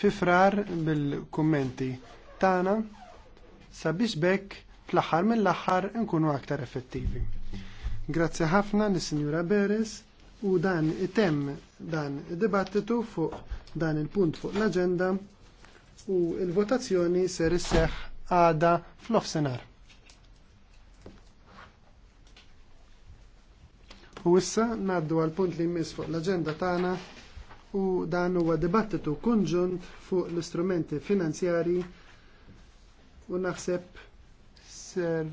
fi frar bil-kummenti tagħna sabiex bekk fl axar mill-aħħar nkunu aktar effettivi. Grazzi ħafna lis-Sinjura Beres u dan item dan id-dibattitu fuq dan il-punt fuq l agenda u il-votazzjoni ser isseħ għada fl-offsenar. U issa naddu għal punt li jmiss fuq l-aġenda tagħna u dan huwa dibattitu kunġunt fuq l-istrumenti finanzjari u naħseb ser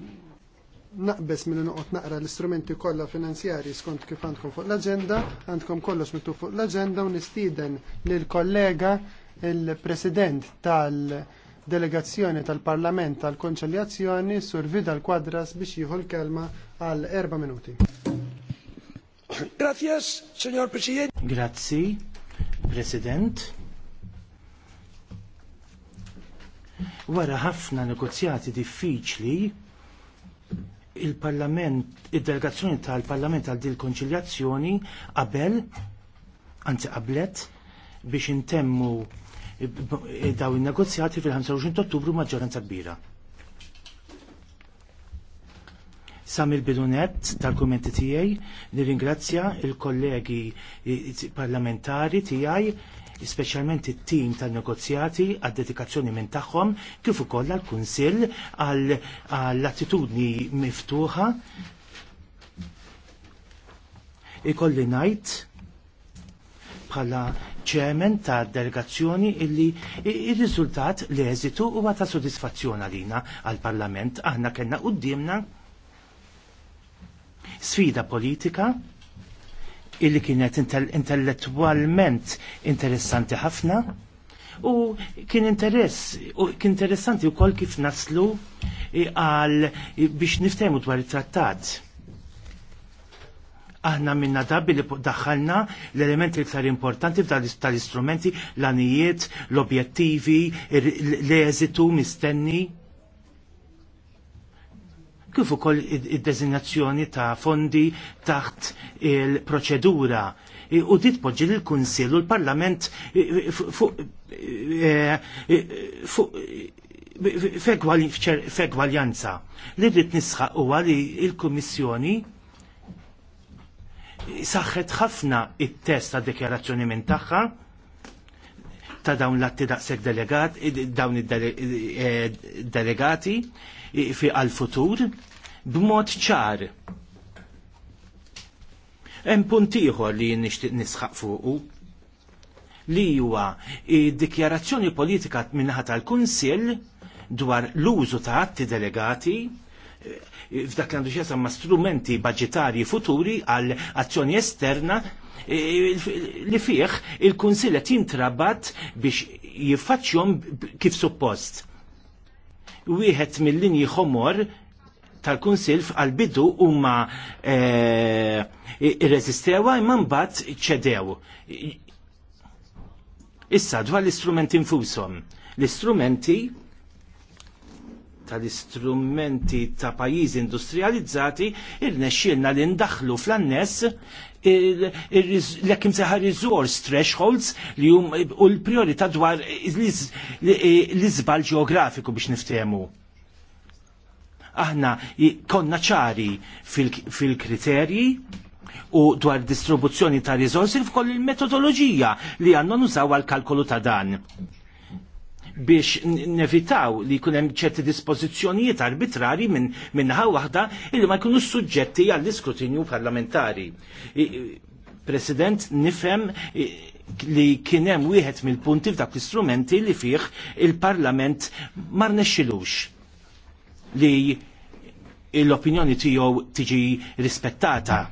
naqbes minn noqgħod naqra l-istrumenti kollha finanzjari skont kif għandkom fuq l-aġenda, għandkom kollox mitu fuq l-aġenda u nistieden lil kollega il-President tal-Delegazzjoni tal-Parlament tal-Konċiljazzjoni Sur Vidal Quadras biex jieħu l-kelma għal erba' minuti. Grazie, signor President. Grazzi, President. Wara ħafna negozjati diffiċli, il-Parlament, id-delegazzjoni il parlament id delegazzjoni tal parlament għal dil konċiljazzjoni qabel, anzi qablet, biex intemmu eh, eh, daw in negozjati fil-25 ottubru maġġoranza kbira. Samir bidunet tal-kumenti tijaj, nir-ingrazzja il-kollegi parlamentari tijaj, specialment it-tim tal-negozjati għad dedikazzjoni minn tagħhom kif ukoll għall-Kunsill għall-attitudni miftuħa ikolli ngħid bħala ċemen ta' delegazzjoni illi il-riżultat l-eżitu huwa ta' sodisfazzjon għalina għal-Parlament aħna kellna dimna sfida politika illi kienet intellettualment interessanti ħafna u kien interess u kien interessanti wkoll kif naslu għal biex niftehmu dwar it-trattat aħna minna dabbi li daħħalna l-elementi iktar importanti tal-istrumenti, l-anijiet, l-objettivi, l-eżitu mistenni kif ukoll id designazzjoni ta' fondi taħt il-proċedura. U dit poġġi l-Kunsill u l-Parlament e- e- fegwaljanza. Li dit nisħaq huwa li il-Kummissjoni saħħet ħafna il test ta' dekjarazzjoni minn tagħha ta' dawn l-atti daqshekk e- delegati, dawn id-delegati, fi għal-futur b'mod ċar. Hemm punt ieħor li nixtieq nisħaq fuqu li huwa dikjarazzjoni politika minnaħa tal-Kunsill dwar l-użu ta' atti delegati eh, f'dak li għandu xesam ma' strumenti budgetari futuri għal azzjoni esterna eh, li fih il-Kunsill qed jintrabat biex jiffaċċjhom kif suppost wieħed mill-linji ħomor tal-Kunsil bidu huma eh, irreżistewa imma mbagħad ċedew. Issa dwar l-istrumenti infushom. L-istrumenti tal-istrumenti ta' pajjiżi industrializzati irnexxielna li ndaħlu fl-annes l-ekim seħa resource thresholds li jum u l priorita dwar l izbal ġeografiku biex niftemu. Aħna konna ċari fil-kriterji u dwar distribuzzjoni ta' risorsi f'koll il-metodoloġija li għandna nużaw għal kalkolu ta' dan biex nevitaw li jkun hemm ċerti dispożizzjonijiet arbitrari minn minnaħa waħda illi ma jkunux suġġetti għall-iskrutinju parlamentari. President, nifhem li kien hemm wieħed mill-punti f'dak l-istrumenti li fih il-Parlament ma rnexxilux li l-opinjoni tiegħu tiġi rispettata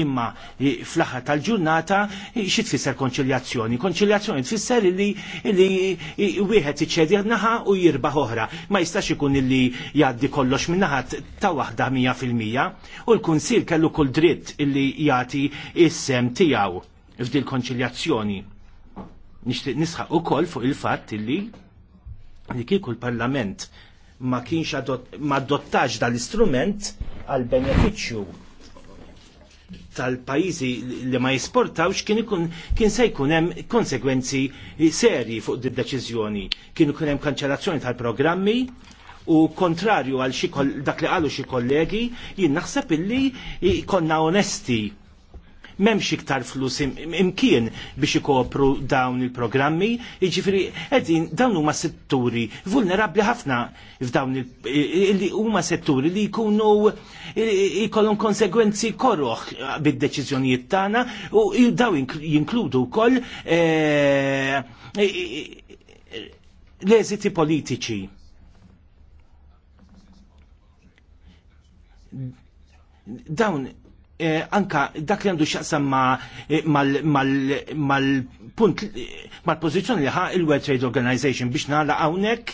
Imma fl-aħħar tal-ġurnata xi tfisser konċiljazzjoni? Konċiljazzjoni tfisser li li wieħed iċċedi naħa u jirbaħ oħra. Ma jistax ikun illi jgħaddi kollox minn naħat ta' waħda mija fil-mija u l-Kunsil kellu kull dritt illi jagħti is-sem tiegħu f'dil konċiljazzjoni. Nixtieq nisħaq ukoll fuq il-fatt illi li kieku l-Parlament ma kienx ma adottax dal-istrument għal beneficju tal-pajizi li ma jisportawx kien ikun kien se jkun hemm konsekwenzi serji fuq id deċiżjoni. Kien ikun hemm kanċellazzjoni tal-programmi u kontrarju għal dak li qalu xi kollegi jien naħseb illi konna onesti memx iktar flus imkien biex ikopru dawn il-programmi, iġifiri, edin dawn huma setturi vulnerabli ħafna f'dawn il- huma setturi li jkunu jkollhom konsegwenzi korroħ bid-deċiżjonijiet tagħna u daw jinkludu wkoll eh, l-eżiti politiċi. Dawn Eh, anka dak li għandu xaqsam eh, mal-punt eh, mal-pozizjoni li ħa il-World Trade Organization biex nagħlaq hawnhekk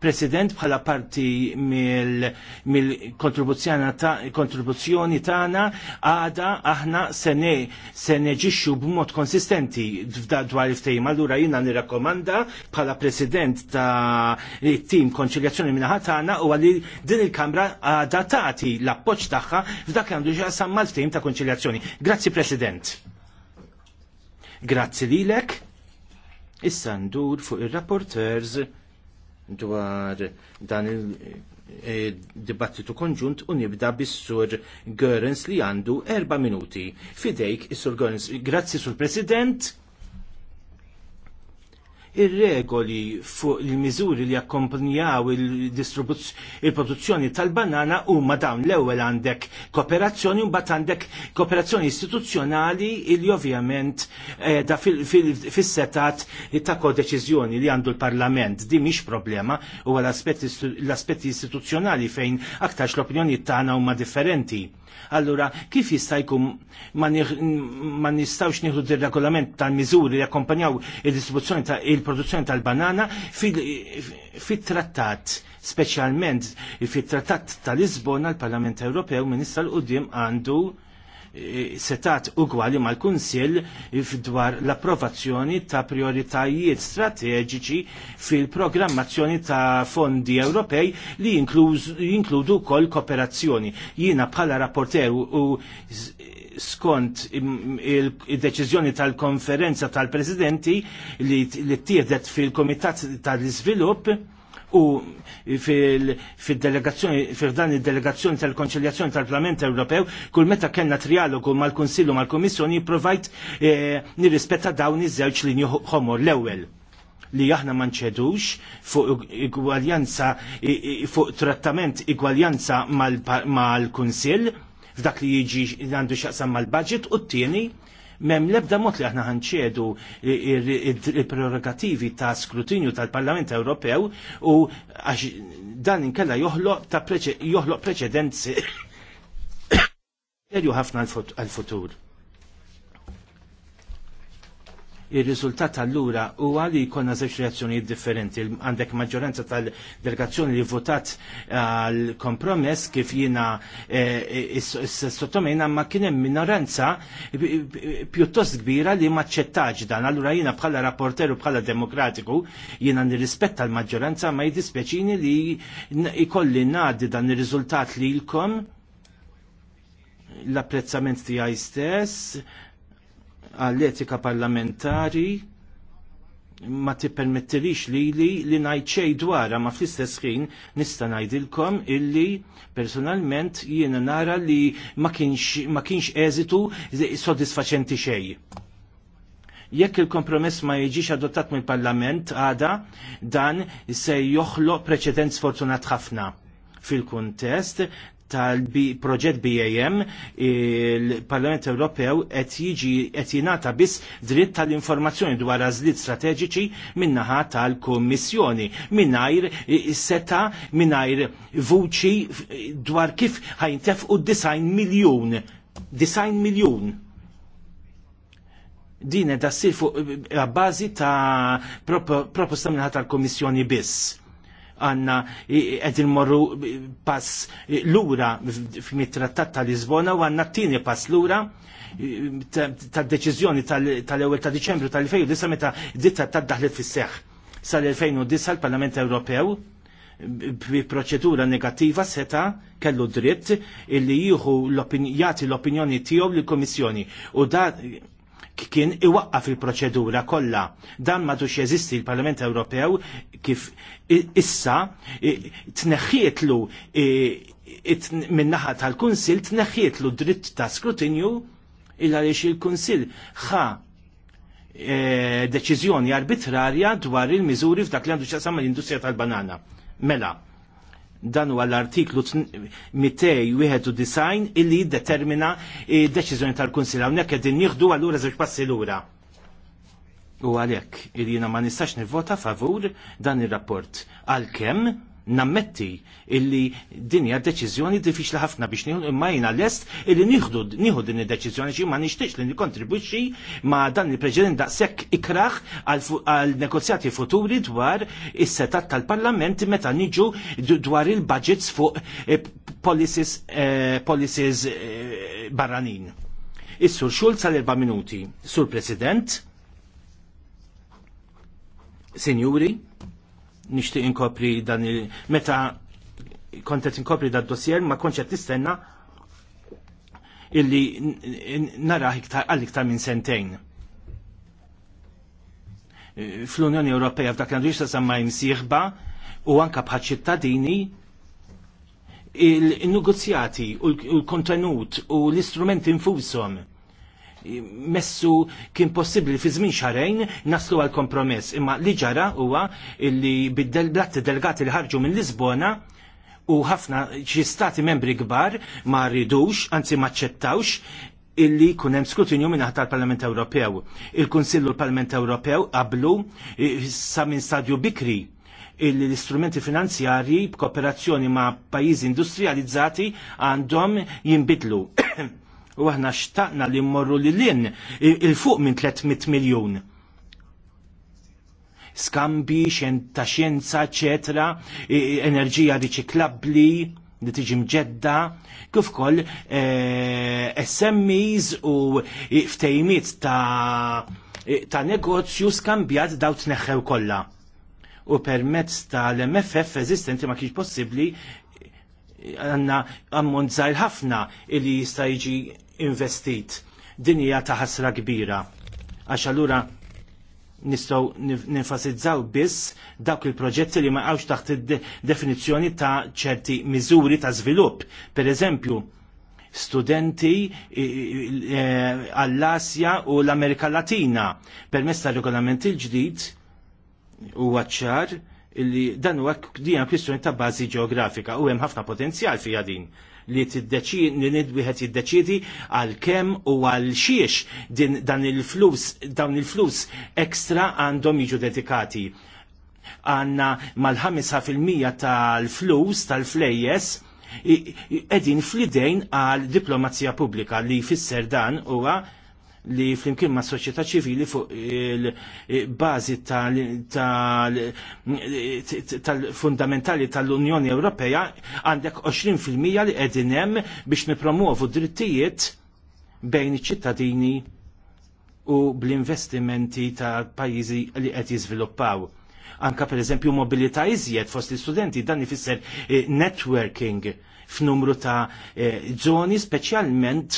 President bħala parti mill-kontribuzzjoni mil tagħna għada aħna sene se neġixxu b'mod konsistenti dwar iftejim. Allura jiena nirrakkomanda bħala President ta' tim konċiljazzjoni minnaħat tagħna u għalli din il-Kamra għada tagħti l-appoġġ tagħha f'dak li għandu samma mal-ftehim ta' konċiljazzjoni. Grazzi President. Grazzi lilek. Issa ndur fuq ir-rapporters dwar dan il-dibattitu e, konġunt u nibda bis-sur Görens li għandu erba' minuti. Fidejk, is-sur Görens. Grazzi, sur President ir-regoli fuq il-miżuri li jakkompanjaw il-produzzjoni tal-banana huma dawn l-ewwel għandek kooperazzjoni u mbagħad għandek kooperazzjoni istituzzjonali li ovvjament eh, da fis-setat ta' kodeċiżjoni li għandu l-Parlament. Di mhix problema huwa l-aspetti istituzzjonali fejn aktarx l-opinjoni tagħna huma differenti. Allura, kif jista' jkun ma nistgħux nieħdu dir-regolament tal-miżuri li jakkompanjaw il-distribuzzjoni ta' il il-produzzjoni tal-banana fit-trattat, speċjalment fit-trattat tal-Lisbona l-Parlament Ewropew minista l-qudiem għandu eh, setat ugwali mal-Kunsill dwar l-approvazzjoni ta' prioritajiet strateġiċi fil-programmazzjoni ta' fondi Ewropej li jinkludu kol kooperazzjoni. Jiena bħala rapporteru u skont il-deċizjoni tal-konferenza tal-presidenti li t-tiedet fil-komitat tal-izvilup u fil-delegazzjoni, fil-dan il-delegazzjoni tal-konċiljazzjoni tal-Parlament Ewropew, kull meta kena trialogu mal-Konsillu mal-Komissjoni, provajt eh, nirrispetta dawn iż-żewġ linju ħomor l-ewwel li aħna ma nċedux fuq igwaljanza fuq trattament igwaljanza mal-Kunsill f'dak li jiġi għandu xaqsam mal-budget u t-tieni mem lebda mot li aħna ħanċedu il-prerogativi ta' skrutinju tal-Parlament Ewropew u għax dan inkella joħloq preċedenzi serju ħafna għal-futur il-riżultat allura huwa li jkollna żewġ reazzjonijiet differenti. Għandek maġġoranza tal-delegazzjoni li votat eh, għal-kompromess kif jiena eh, sottomejna ma kien hemm minoranza pjuttost kbira li maċċettaġ dan. Allura jiena bħala rapporteru bħala demokratiku jiena nirrispetta l-maġġoranza ma jidispeċini li ikolli ngħaddi dan ir-riżultat lilkom l-apprezzament tiegħi stess għall-etika parlamentari ma tippermettilix li li li najt xej dwara ma fl-istess ħin nista' ngħidilkom illi personalment jiena nara li ma kienx ma kienx eżitu sodisfaċenti xej. Jekk il-kompromess ma jiġix adottat mill-Parlament għada dan se joħloq preċedent sfortunat ħafna fil-kuntest tal-proġett BAM, il-Parlament Ewropew qed jiġi qed jingħata biss dritt tal-informazzjoni dwar għażliet strateġiċi min-naħa tal-Kummissjoni mingħajr seta mingħajr vuċi dwar kif ħajntefqu design miljun. Design miljun din qed ssir fuq eh, bażi ta' proposta minħata tal-Komissjoni biss għanna għedin morru pass lura fit-trattat tal-Lisbona u għanna t-tini pass lura tad-deċizjoni tal-ewel ta' Diċembru tal fejju disa meta ditta tad-daħlet fis-seħ sal-2009 l-Parlament Ewropew bi proċedura negattiva seta kellu dritt illi jieħu jagħti l-opinjoni tiegħu lill-Kummissjoni u da kien iwaqqa fil-proċedura kollha. Dan madux jeżisti l-Parlament Ewropew kif issa tneħħietlu min-naħa tal-Kunsil tneħħietlu dritt ta' skrutinju il għaliex il-Kunsil ħa e, deċiżjoni arbitrarja dwar il-miżuri f'dak li għandu xasam l-industrija tal-banana. Mela, dan huwa l-artiklu 291 illi determina eh, deċiżjoni tal-Kunsil hawnhekk qegħdin nieħdu allura żewġ passi lura. U għalhekk il ma nistax nivvota favur dan ir-rapport għalkemm nammetti illi dinja deċiżjoni diffiċli ħafna biex nieħu imma jiena lest illi nieħdu nieħu din id-deċiżjoni xi ma nixtiex li nikkontribwixxi ma' dan il preġident daqshekk ikraħ għal negozjati futuri dwar is-setat tal-Parlament meta niġu dwar il-budgets fuq eh, policies, eh, policies eh, barranin. Is-sur Schulz għal erba' minuti. Sur President, Sinjuri, nixtieq inkopri dan il meta kontet inkopri dan dossier ma konċet tistenna illi nara għal iktar minn sentejn. E, Fl-Unjoni Ewropea f'dak għandu jista samma jimsieħba u anka bħal ċittadini il-negozjati u l-kontenut u l-istrumenti infushom messu kien possibbli fi żmien xarejn naslu għal kompromess. Imma li ġara huwa li bid-delblat delegati li ħarġu minn Lisbona u ħafna xi stati membri kbar ma rridux, anzi ma ċettawx illi kun hemm skrutinju minn tal-Parlament Ewropew. Il-Kunsillu l-Parlament Ewropew qablu eh, sa minn stadju bikri illi l-istrumenti finanzjarji b'kooperazzjoni ma' pajjiżi industrializzati għandhom jinbidlu. U aħna xtaqna li mmorru li l-in il-fuq minn 300 miljon. Skambi, xen ta' xienza, ċetra, e- e- enerġija riċiklabli li tiġi mġedda, kif koll e- SMEs u ftejmiet ta' ta' negozju skambjat daw tneħħew kollha. U permezz tal-MFF eżistenti ma kienx possibbli għanna ammont zaħir ħafna li jista' jiġi investit. Din hija ta' ħasra kbira. Għax allura nistgħu ninfasizzaw biss dawk il-proġetti li ma għawx taħt id-definizzjoni ta' ċerti miżuri ta' żvilupp. Pereżempju, studenti eh, għall-Asja u l-Amerika Latina. Permess ta' regolament il-ġdid u għacċar li dan huwa dina kwistjoni ta' bażi ġeografika u hemm ħafna potenzjal fija din li nidwiħet jiddeċidi għal kem u għal xiex din dan il-flus dan il-flus ekstra għandhom jiġu dedikati. Għanna mal-5% tal-flus tal-flejjes edin fl-idejn għal diplomazija pubblika li fisser dan huwa li flimkien ma' soċjetà ċivili fuq il-bażi eh, tal-fundamentali eh, tal-Unjoni Ewropea għandek 20% li qegħdin hemm biex nipromuovu drittijiet bejn iċ-ċittadini u bl-investimenti ta' pajjiżi li qed jiżviluppaw. Anka per eżempju mobilità iżjed fost l-istudenti dan ifisser eh, networking f'numru ta' zoni speċjalment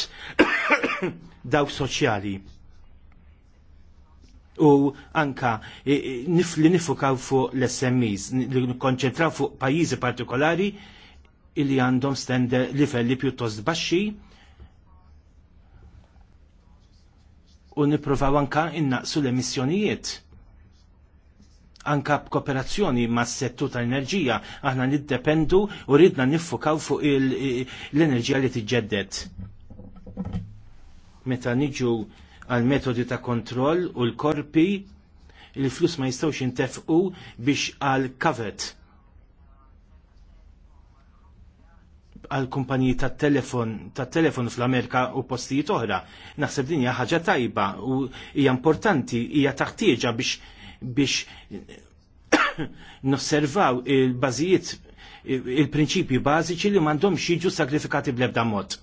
dawk soċjali. U anka li nifukaw fuq l-SMEs, li nikkonċentraw fuq pajjiżi partikolari illi għandhom stand livelli pjuttost baxxi u nipprovaw anka innaqsu l-emissjonijiet anka b'kooperazzjoni mas settu tal-enerġija aħna niddependu u ridna niffukaw fuq l-enerġija li tiġġedded meta niġu għal metodi ta' kontroll u l-korpi il-flus ma jistawx jintefqu biex għal kavet għal kumpaniji ta' telefon ta' telefon fl-Amerika u postijiet oħra. Naħseb din hija ħaġa tajba u hija importanti, hija taħtieġa biex biex nosservaw il-bażijiet il-prinċipji bażiċi li m'għandhomx jiġu sagrifikati bl-ebda mod.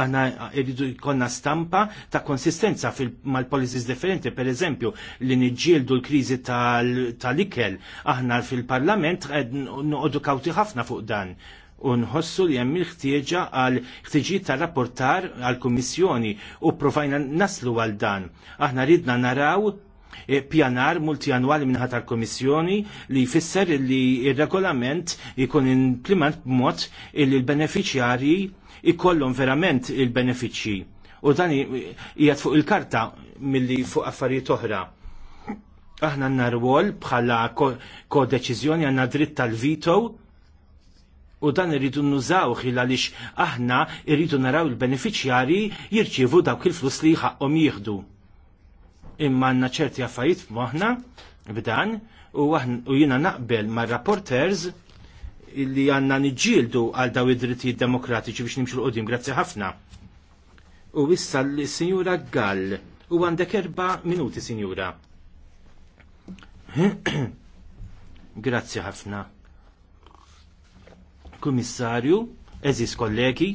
Għana irridu jkollna stampa ta' konsistenza mal-policies differenti, per eżempju, li niġġieldu l-kriżi tal-ikel. Aħna fil-parlament noqogħdu kawti ħafna fuq dan unħossu li hemm il-ħtieġa għal ħtiġijiet ta' rapportar għal kummissjoni u provajna naslu għal dan. Aħna ridna naraw eh, pjanar multianwali minħa tal-Komissjoni li jfisser li il-regolament jkun implement b'mod il l ikollhom verament il-benefiċċji. U dan hija fuq il-karta milli fuq affarijiet oħra. Aħna għandna rwol bħala kodeċiżjoni għandna dritt tal-vito u dan irridu nużaw għaliex aħna irridu naraw il-beneficjari jirċievu dawk il-flus li jħaqqhom jieħdu. Imma għandna ċerti affarijiet f'moħħna b'dan u, jiena jina naqbel ma' rapporters li għanna nġildu għal daw id-dritti demokratiċi biex nimxu l-qodim. Grazzi ħafna. U issa l-Sinjura Gall. U għandek erba minuti, Sinjura. Grazzi ħafna. Kummissarju, eżis kollegi,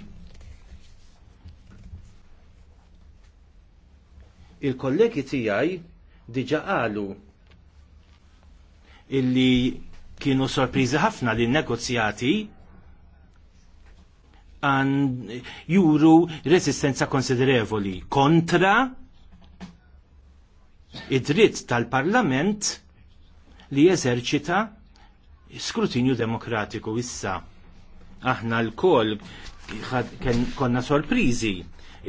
il-kollegi tijaj diġa qalu illi kienu sorpriżi ħafna li negozjati għan juru resistenza konsiderevoli kontra id-dritt tal-parlament li jeżerċita skrutinju demokratiku issa. Aħna l-kol konna sorprizi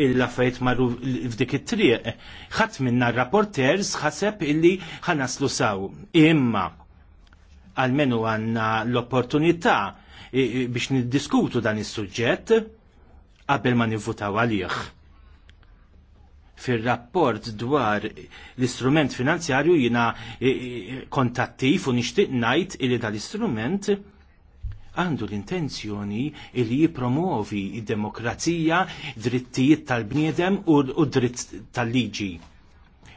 illa fejt marru f'dik it-triq. ħadd minna rapporters ħaseb illi ħanaslu saw. Imma għalmenu għanna l-opportunità biex niddiskutu dan is-suġġett qabel ma nivvutaw għalih. Fir-rapport dwar l-istrument finanzjarju jina kontattif u nixtieq ngħid li dal-istrument għandu l-intenzjoni li jipromuovi id-demokrazija, drittijiet tal-bniedem u d-dritt tal-liġi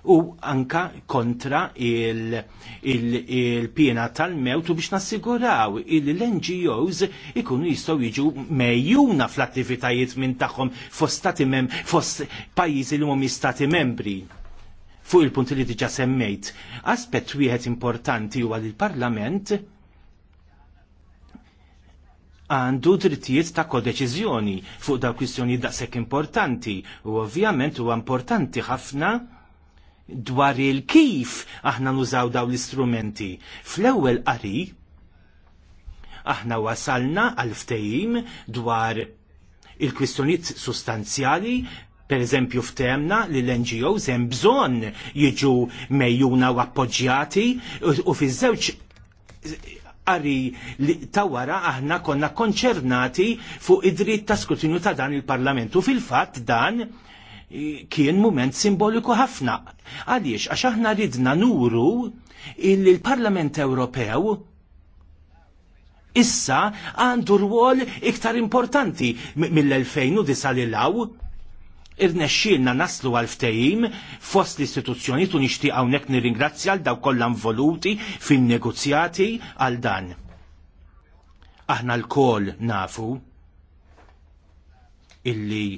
u anka kontra il-pjena tal-mewt u biex nassiguraw il-NGOs ikunu jistaw jiġu mejjuna fl-attivitajiet minn tagħhom fost stati mem fost pajjiżi li mhum stati membri fuq il-punt li diġa semmejt. Aspett wieħed importanti huwa li l-Parlament għandu drittijiet ta' kodeċiżjoni fuq da' kwistjoni daqshekk importanti u ovvjament huwa importanti ħafna dwar il-kif aħna nużaw daw l-istrumenti. Fl-ewwel qari aħna wasalna għal ftehim dwar il-kwistjonijiet sustanzjali per eżempju ftemna li l-NGOs hemm bżonn jiġu mejjuna u appoġġjati u fiż-żewġ qari ta' wara aħna konna konċernati fuq id-dritt ta' skrutinju ta' dan il-Parlament u fil-fatt dan kien moment simboliku ħafna. Għaliex, għax aħna ridna nuru illi l-Parlament Ewropew issa għandu rwol iktar importanti mill-2009 l law irnexxielna naslu għal ftehim fost l-istituzzjoni tu nixtieq hawnhekk nirringrazzja għal daw kollha involuti fin-negozjati għal dan. Aħna l-kol nafu illi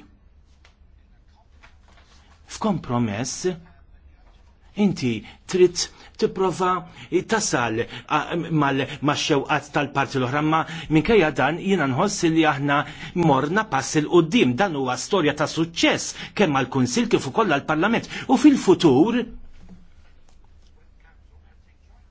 f'kompromess inti trid tipprova tasal mal-xewqat tal-parti l-oħra ma minkejja dan jiena nħoss li aħna morna pass il qudiem dan huwa storja ta' suċċess kemm għall kunsil kif ukoll għall parlament u fil-futur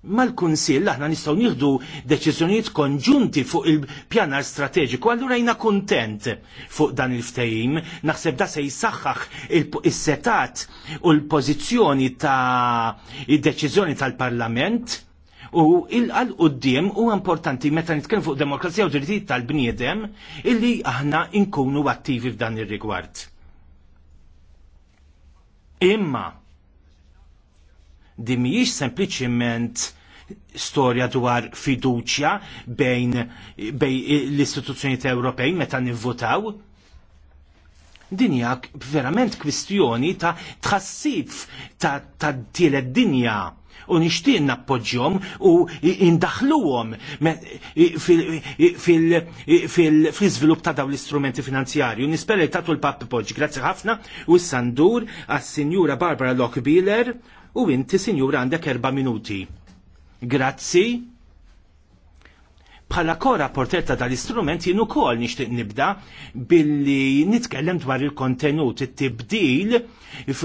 mal-Kunsill aħna nistgħu nieħdu deċiżjonijiet konġunti fuq il-pjanar strateġiku, allura jina kuntent fuq dan il-ftehim, naħseb da se jisaxħax is-setat u l-pożizzjoni ta' id-deċiżjoni tal-Parlament u il-qal qoddim u importanti meta nitkellem fuq demokrazija u drittijiet tal-bniedem illi aħna inkunu attivi f'dan ir-rigward. Imma Di mhijiex sempliċiment storja dwar fiduċja bejn, bej l-istituzzjonijiet Ewropej meta nivvotaw. Dinja verament kwistjoni ta' tħassif ta', ta tielet dinja u nixtieq nappoġġjom u indaħluhom fil-iżvilupp ta' daw l-istrumenti finanzjarji. Nispera li tagħtu l papi poġġ. Grazzi ħafna u s-sandur għas-Sinjura Barbara Lockbiller u inti sinjur għandek erba' minuti. Grazzi. Bħala kora portetta tal istrument jien ukoll nixtieq nibda billi nitkellem dwar il-kontenut it-tibdil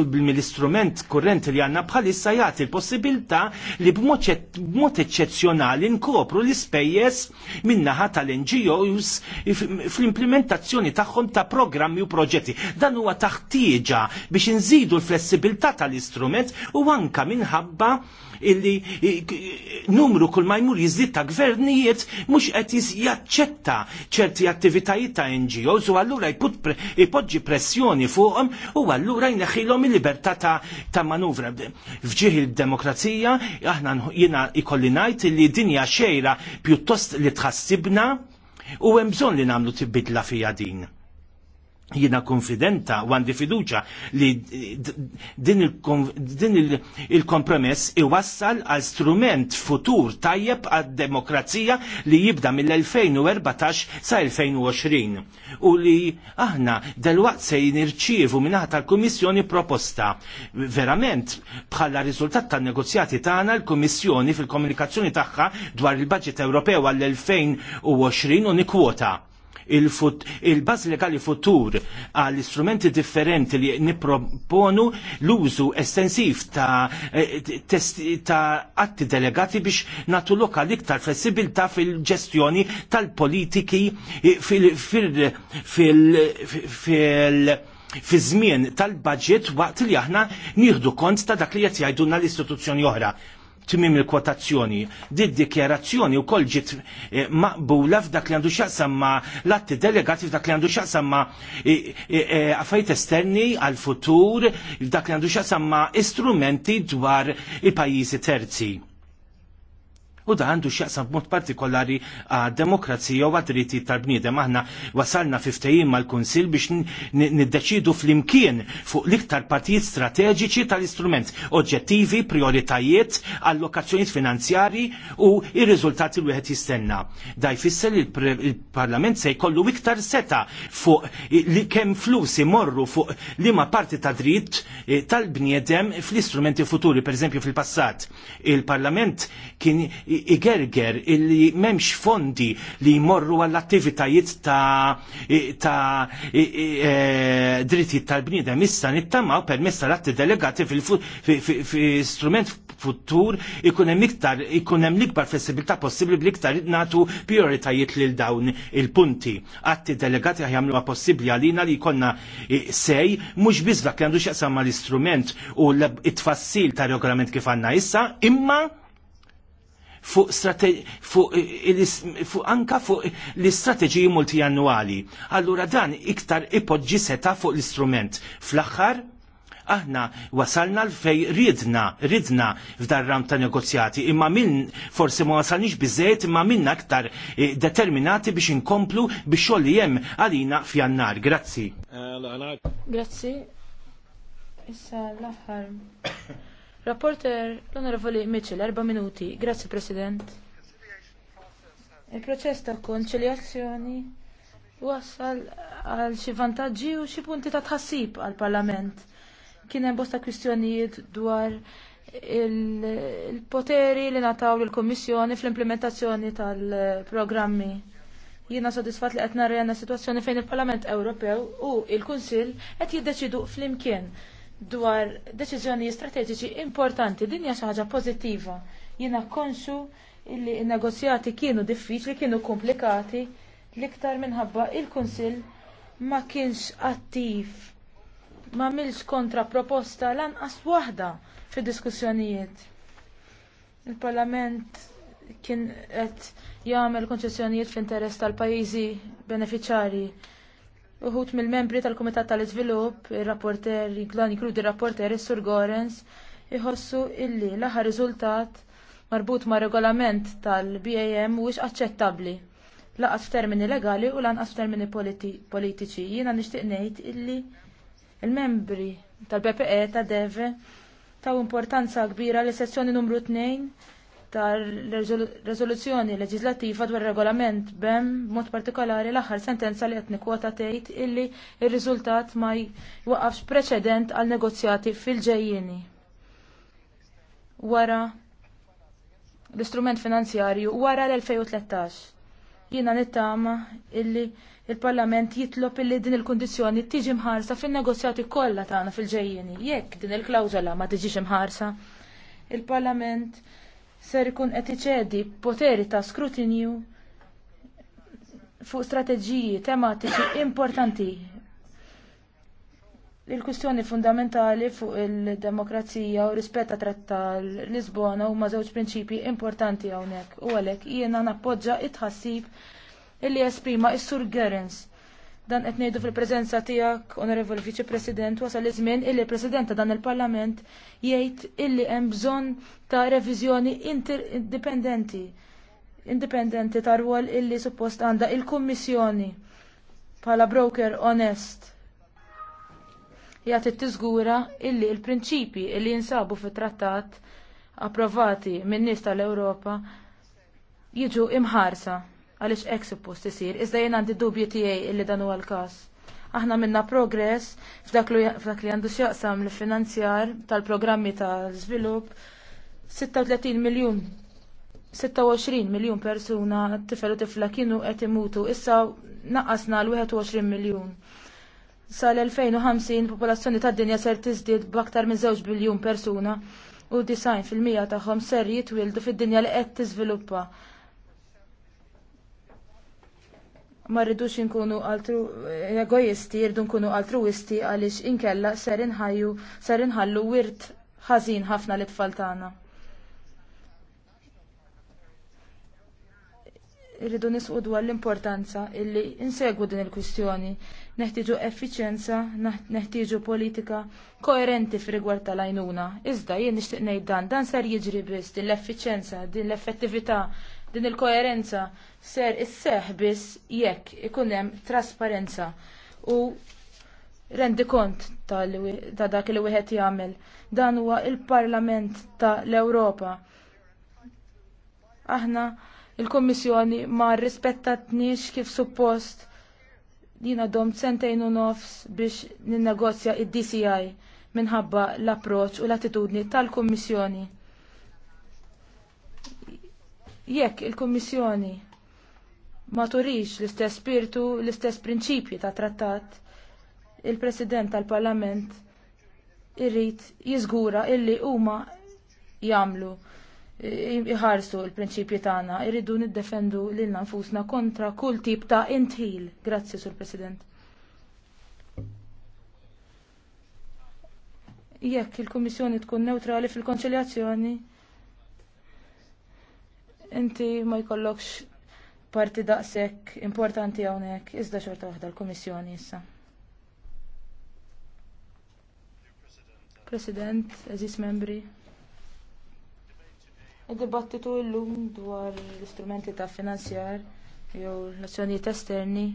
mill-istrument kurrenti li għandna bħalissa jagħti l-possibilità li b'mod eċċezzjonali nkopru l-ispejjeż min-naħa tal-NGOs fl-implementazzjoni tagħhom ta' programmi u proġetti. Dan huwa taħtieġa biex inżidu l-flessibilità tal-istrument u anka minħabba illi numru kull ma jmur jiżdied ta' gvernijiet mhux qed jaċċetta ċerti attivitajiet ta' NGOs u allura jpoġġi pressjoni fuqhom u allura jneħħilhom il-libertà ta' manuvra. Fġieħ il-demokrazija aħna jiena ikolli ngħid li dinja xejra pjuttost li tħassibna u hemm bżonn li nagħmlu tibidla fija din jina konfidenta u għandi fiduċa li din il-kompromess iwassal għal strument futur tajjeb għad demokrazija li jibda mill-2014 sa' 2020 u li aħna dal-waqt se jinirċivu minnaħat tal-Komissjoni proposta. Verament, bħala riżultat tan negozjati tagħna l-Komissjoni fil-komunikazzjoni tagħha dwar il-Budget Ewropew għall-2020 unikwota il-baż legali futur għal istrumenti differenti li nipproponu l-użu estensiv ta' eh, atti delegati biex natu lokal iktar flessibilta fil-ġestjoni tal-politiki eh, fil fi żmien tal-budget waqt li aħna nieħdu kont ta' dak li qed jgħidulna l-istituzzjoni oħra timim il-kwotazzjoni. Did dikjerazzjoni u kol ġit eh, maqbula f'dak li għandu xaqsam ma l-atti delegati f'dak li għandu xaqsam ma eh, eh, affajt esterni għal-futur, f'dak li għandu xaqsam ma istrumenti dwar il-pajjiżi terzi u da għandu x'jaqsam b'mod partikolari għad-demokrazija u għad-dritti tal-bniedem. Aħna wasalna fiftejim mal-Kunsil biex niddeċidu fl-imkien fuq l-iktar partijiet strateġiċi tal-istrument, oġġettivi, prioritajiet, allokazzjoniet finanzjari u ir-riżultati l wieħed jistenna. Da jfisser il-Parlament se jkollu iktar seta fuq li kemm flus imorru fuq li ma parti ta' dritt eh, tal-bniedem fl-istrumenti futuri, per fil-passat. Il-Parlament kien igerger illi memx fondi li jmorru għall-attivitajiet ta', ta e, e, e, drittijiet tal-bniedem issa nittamaw permess tal-atti delegati fil-strument futur ikun hemm iktar ikun hemm l-ikbar flessibilità possibbli bl-iktar natu prioritajiet lil dawn il-punti. Atti delegati ħajamluha possibbli għalina li jkollna sej mhux biss dak li għandu x'jaqsam mal-istrument u l-tfassil ta' regolament kif għandna issa, imma fuq eh, fuq anka fuq l-istrateġiji multijannuali. Allura dan iktar ipoġġi seta fuq l-istrument. Fl-aħħar aħna wasalna l-fej ridna, ridna f'darram ta' negozjati, imma minn forsi ma wasalniex bizzejt imma minna aktar eh, determinati biex inkomplu biex xogħol li hemm għalina f'jannar. Grazzi. Eh, Grazzi. Issa l-aħħar Rapporter, l-Onorevoli Mitchell, erba' minuti. Grazie, President. Il-proċess ta' konċiljazzjoni wassal għal xi vantaġġi u xi punti ta' tħassib għal Parlament. Kien hemm bosta kwistjonijiet dwar il-poteri li nataw lill kummissjoni fl-implementazzjoni tal-programmi. Jiena sodisfat li qed narrejna sitwazzjoni fejn il-Parlament Ewropew u il-Kunsill qed jiddeċidu flimkien dwar deċiżjoni strateġiċi importanti din hija xi ħaġa pożittiva. Jiena konxu illi n-negozjati kienu diffiċli, kienu komplikati l-iktar minħabba il-Kunsill ma kienx attiv. Ma milx kontra proposta lanqas waħda fid-diskussjonijiet. Il-Parlament kien qed jagħmel konċessjonijiet fl-interess tal-pajjiżi benefiċjarji uħut mill-membri tal-Kumitat tal-Iżvilupp, ir-rapporter, jikludi il rapporter is-Sur Gorens, iħossu illi l-aħħar marbut ma' regolament tal-BAM ix aċċettabbli. Laqas f'termini legali u lanqas f'termini politiċi. Jiena nixtieq ngħid illi il-membri tal-PPE ta' Deve taw importanza kbira li sessjoni numru 2 tar rezoluzzjoni leġislattiva dwar regolament bem b'mod partikolari l-aħħar sentenza li qed nikkwota tgħid illi r-riżultat ma jwaqafx preċedent għal negozjati fil-ġejjieni. Wara l-istrument finanzjarju wara l-2013. Jiena nittama illi il-Parlament jitlob illi din il-kundizzjoni tiġi mħarsa fin-negozjati kollha tagħna fil-ġejjieni. Jekk din il-klawżola ma tiġix imħarsa, il-Parlament ser ikun qed iċedi poteri ta' skrutinju fuq strateġiji tematiċi importanti. Il-kwistjoni fundamentali fuq il-demokrazija u rispetta tratta l-Lisbona huma żewġ prinċipji importanti hawnhekk u għalhekk jiena nappoġġa it-tħassib illi esprima is-Sur Gerens Dan qed ngħidu fil-preżenza tiegħek, Onorevoli Viċi President, wasal iż-żmien illi President ta' dan il-Parlament jgħid illi hemm bżonn ta' reviżjoni interdipendenti indipendenti ta' rwol illi suppost għandha il-Kummissjoni bħala broker onest jagħti tiżgura illi l prinċipi illi jinsabu fit-trattat approvati min-nies tal-Ewropa jiġu imħarsa għaliex hekk suppost isir, iżda jien għandi dubju tiegħi illi dan huwa l-każ. Aħna minna progress f'dak li għandu x'jaqsam l-finanzjar tal-programmi ta' żvilupp 36 miljun 26 miljun persuna tifel u tifla kienu qed imutu issa naqqasna l-21 miljun sal-2050 popolazzjoni tad dinja ser tiżdied b'aktar minn 2 biljun persuna u 90% tagħhom ser jitwildu fid-dinja li qed tiżviluppa. ma rridux inkunu altru egoisti, rridu nkunu altruisti għaliex inkella ser inħajju, ser inħallu wirt ħażin ħafna li tfal tagħna. Irridu nisqu dwar l-importanza illi insegwu din il-kwistjoni. Neħtieġu effiċjenza, neħtieġu politika koerenti f'rigward tal-għajnuna. Iżda jien nixtieq ngħid dan, dan ser jiġri biss din l-effiċjenza, din l-effettività Din il-koerenza ser isseħ biss jekk ikun hemm trasparenza u rendi kont ta' dak li wieħed jagħmel. Dan huwa il-Parlament tal ewropa Aħna il-Kommissjoni ma rrispettatniex kif suppost jina dom sentejn u nofs biex ninnegozja id-DCI minħabba l-approċ u l-attitudni tal-Kommissjoni. Jekk il-Kummissjoni ma turix l-istess spiritu, l-istess prinċipji ta' trattat, il-President tal-Parlament irrid jiżgura illi huma jagħmlu iħarsu l-prinċipji tagħna, irridu niddefendu lil nfusna kontra kull tip ta' intħil. Grazzi, Sur President. Jekk il-Kummissjoni tkun neutrali fil-konċiljazzjoni, inti ma jkollokx parti daqshekk importanti hawnhekk iżda xorta waħda l-Kummissjoni issa. President, eżis membri. Id-dibattitu illum dwar l-istrumenti ta' finanzjar jew l-azzjonijiet esterni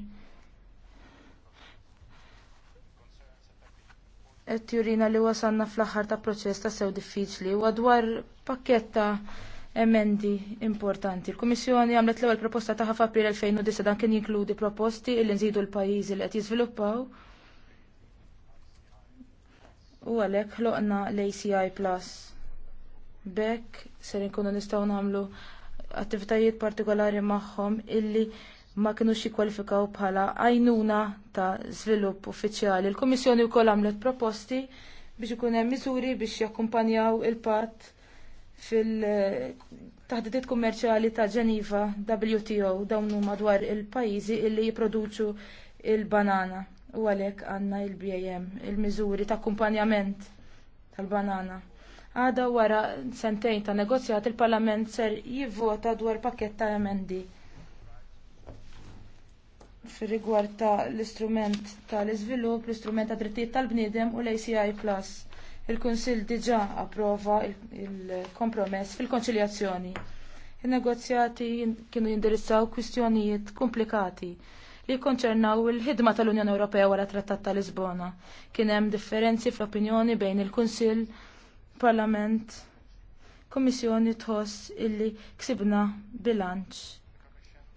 qed jurina li wasanna fl-aħħar ta' proċess ta' sew diffiċli u dwar pakketta emendi importanti. Il-Kummissjoni għamlet l-ewwel proposta ta' f'April april 2009 dan kien jinkludi proposti li nżidu l-pajjiżi li qed jiżviluppaw. U għalhekk ħloqna l-ACI Plus. Bek ser inkunu nistgħu nagħmlu attivitajiet partikolari magħhom illi ma kinux jikkwalifikaw bħala għajnuna ta' żvilupp uffiċjali. Il-Kummissjoni wkoll għamlet proposti biex ikun hemm miżuri biex jakkumpanjaw il-patt fil-taħdidiet kummerċjali ta' Ġeniva WTO dawn huma dwar il-pajjiżi illi jipproduċu il-banana u għalhekk għandna il-BAM, il-miżuri ta' kumpanjament tal-banana. Għada wara sentejn ta' negozjat il-Parlament ser jivvota dwar pakket ta' emendi fir-rigward ta' l-istrument tal-iżvilupp, l-istrument ta' drittijiet tal-bniedem u l-ACI Plus. Il-Kunsill diġà approva il-kompromess fil-konċiljazzjoni. Il-negozjati kienu jindirizzaw kwistjonijiet komplikati li konċernaw il-ħidma tal-Unjoni Ewropea wara Trattat ta' Lisbona. Kien hemm differenzi fl-opinjoni bejn il-Kunsill, Parlament, Kommissjoni tħoss illi ksibna bilanċ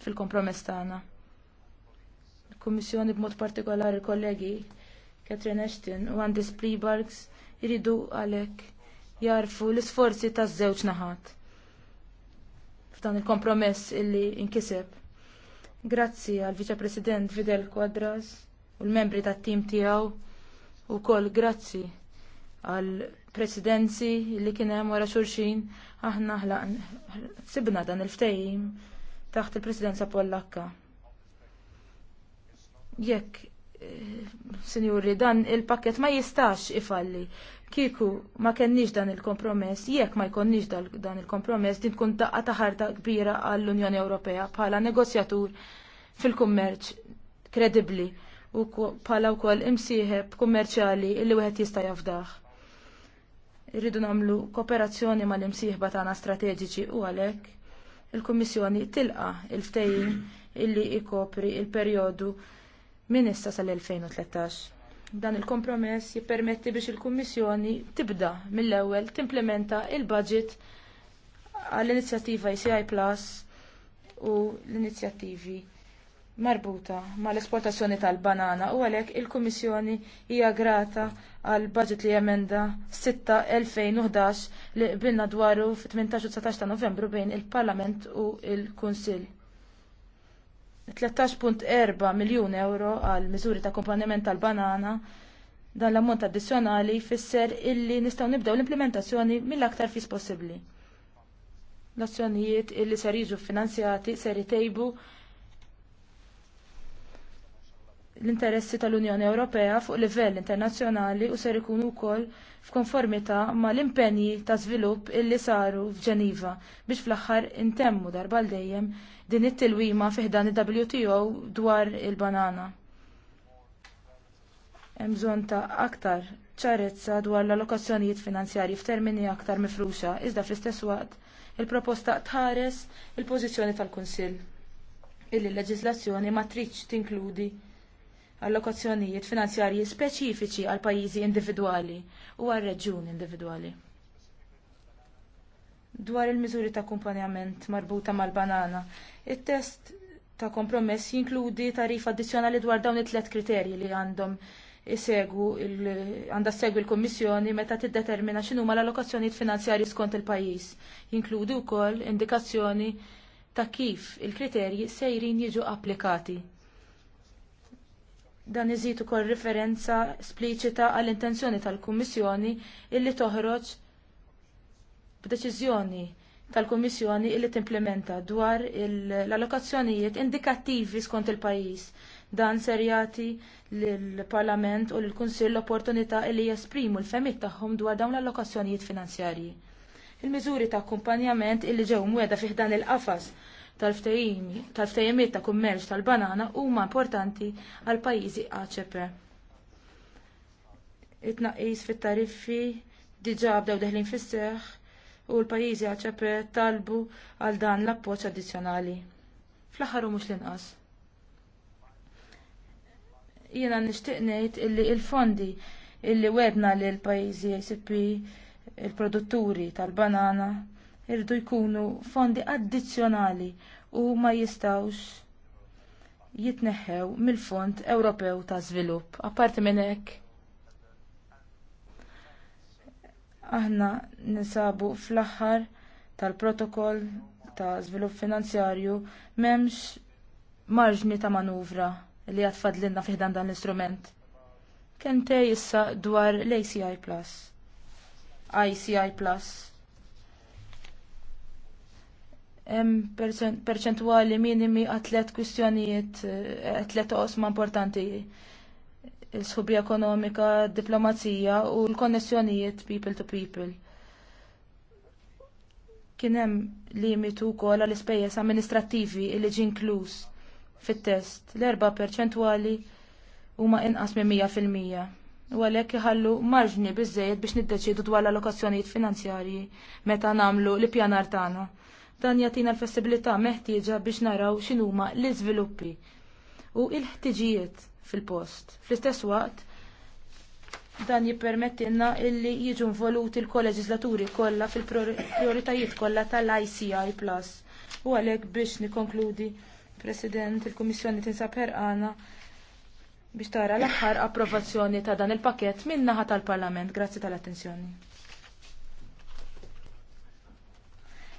fil-kompromess tagħna. Il-Kummissjoni b'mod partikolari kollegi Catherine Ashton u Andis Plibargs iridu għalhekk jarfu l-isforzi taż-żewġ naħat f'dan il-kompromess illi inkiseb. Grazzi għal viċa President Fidel Quadras u l-membri tat tim tiegħu u kol grazzi għal presidenzi li kien hemm wara xulxin aħna sibna dan il ftejim taħt il-presidenza Pollakka. Jekk Sinjuri, dan il-pakket ma jistax ifalli. Kiku ma kenniex dan il-kompromess, jekk ma jkonniġ dan il-kompromess, din tkun daqqa ta' ħarta kbira għall-Unjoni Ewropea bħala negozjatur fil-kummerċ kredibli u bħala wkoll imsieħeb kummerċjali li wieħed jista' jafdaħ. Irridu nagħmlu kooperazzjoni mal-imsieħba tagħna strateġiċi u għalhekk il-Kummissjoni tilqa' il ftejn illi ikopri il-perjodu il perjodu minn issa sal-2013. Dan il-kompromess jippermetti biex il-Kummissjoni tibda mill-ewwel timplementa il-budget għall-inizjattiva ICI Plus u l-inizjattivi marbuta mal-esportazzjoni tal-banana u għalhekk il-Kummissjoni hija grata għal budget li emenda 6-2011 li qbilna dwaru fit-18 19 ta' Novembru bejn il-Parlament u l-Kunsill. 13.4 miljun euro għal miżuri ta' kompaniment tal-banana dan l-ammont addizzjonali jfisser illi nistgħu nibdew l-implementazzjoni mill-aktar fis possibbli. L-azzjonijiet illi ser jiġu finanzjati ser jitejbu l-interessi tal-Unjoni Ewropea fuq livell internazzjonali u ser ikunu ukoll f'konformità mal impenji ta' żvilupp illi saru f'Ġeniva biex fl-aħħar intemmu darba dejjem din it-tilwima fih dan il-WTO dwar il-banana. Hemm bżonn ta' aktar ċarezza dwar l-allokazzjonijiet finanzjarji f'termini aktar mifruxa, iżda fl-istess waqt il-proposta tħares il-pożizzjoni tal-Kunsill illi l leġislazzjoni ma tridx tinkludi allokazzjonijiet finanzjarji speċifiċi għal pajjiżi individwali u għal reġjuni individwali. Dwar il-miżuri ta' kumpanjament marbuta mal-banana, it-test ta' kompromess jinkludi tarif addizzjonali dwar dawn it-tlet kriterji li għandhom isegu għandha segwi l-Kommissjoni meta tiddetermina x'inhuma l-allokazzjonijiet finanzjarji skont il-pajjiż. Jinkludi wkoll indikazzjoni ta' kif il-kriterji sejrin jiġu applikati Dan iżid ukoll riferenza spliċita għall intenzjoni tal-Kummissjoni illi toħroġ b'deċiżjoni tal-Kummissjoni illi timplementa dwar l-allokazzjonijiet indikattivi skont il-pajjiż. Dan ser jagħti lill-Parlament u lill-Kunsill l opportunità illi jesprimu l-femit tagħhom dwar dawn l-allokazzjonijiet finanzjarji. Il-miżuri ta' akkumpanjament illi ġew mweda fih dan il-qafas tal-ftejimiet ta' kummerċ tal-banana huma importanti għal pajjiżi ACP. It-tnaqqis fit-tariffi diġà bdew deħlin fis-seħħ u l-pajjiżi ACP talbu għal dan l-appoġġ addizzjonali. Fl-aħħar u mhux l-inqas nixtieq ngħid illi l fondi illi wedna lil pajjiżi ACP il-produtturi tal-banana Irdu jkunu fondi addizzjonali u ma jistawx jitneħħew mill-Fond Ewropew ta' Żvilupp. Apparti minn hekk, aħna ninsabu fl-aħħar tal-protokoll ta' żvilupp finanzjarju m'hemmx marġni ta' manuvra li għad fadlinna fiħdan dan l-istrument. Kente issa dwar l-ACI Plus, ICI Plus, hemm perċentwali minimi għatlet kwistjonijiet eh, għatlet osma importanti il sħubi ekonomika, diplomazija u l-konnessjonijiet people to people. Kien hemm limitu wkoll għall ispejjeż amministrattivi li ġie inkluż fit-test l-erba perċentwali huma inqas minn mija fil-mija u għalhekk iħallu marġni biżżejjed biex niddeċiedu dwar l-allokazzjonijiet finanzjarji meta nagħmlu l-ippjanar tagħna. Dan jagħtina l-flessibilità meħtieġa biex naraw x'inhuma l-iżviluppi u l-ħtiġijiet fil-post. Fl-istess waqt, dan jippermettilna illi jiġu involuti l-koleġislaturi kollha fil-prioritajiet kollha tal-ICI Plus. U għalhekk biex nikkonkludi, President, il-Kummissjoni tinsab ħerqana biex tara l-aħħar approvazzjoni ta' dan il-pakett min-naħa tal-Parlament. Grazzi tal-attenzjoni.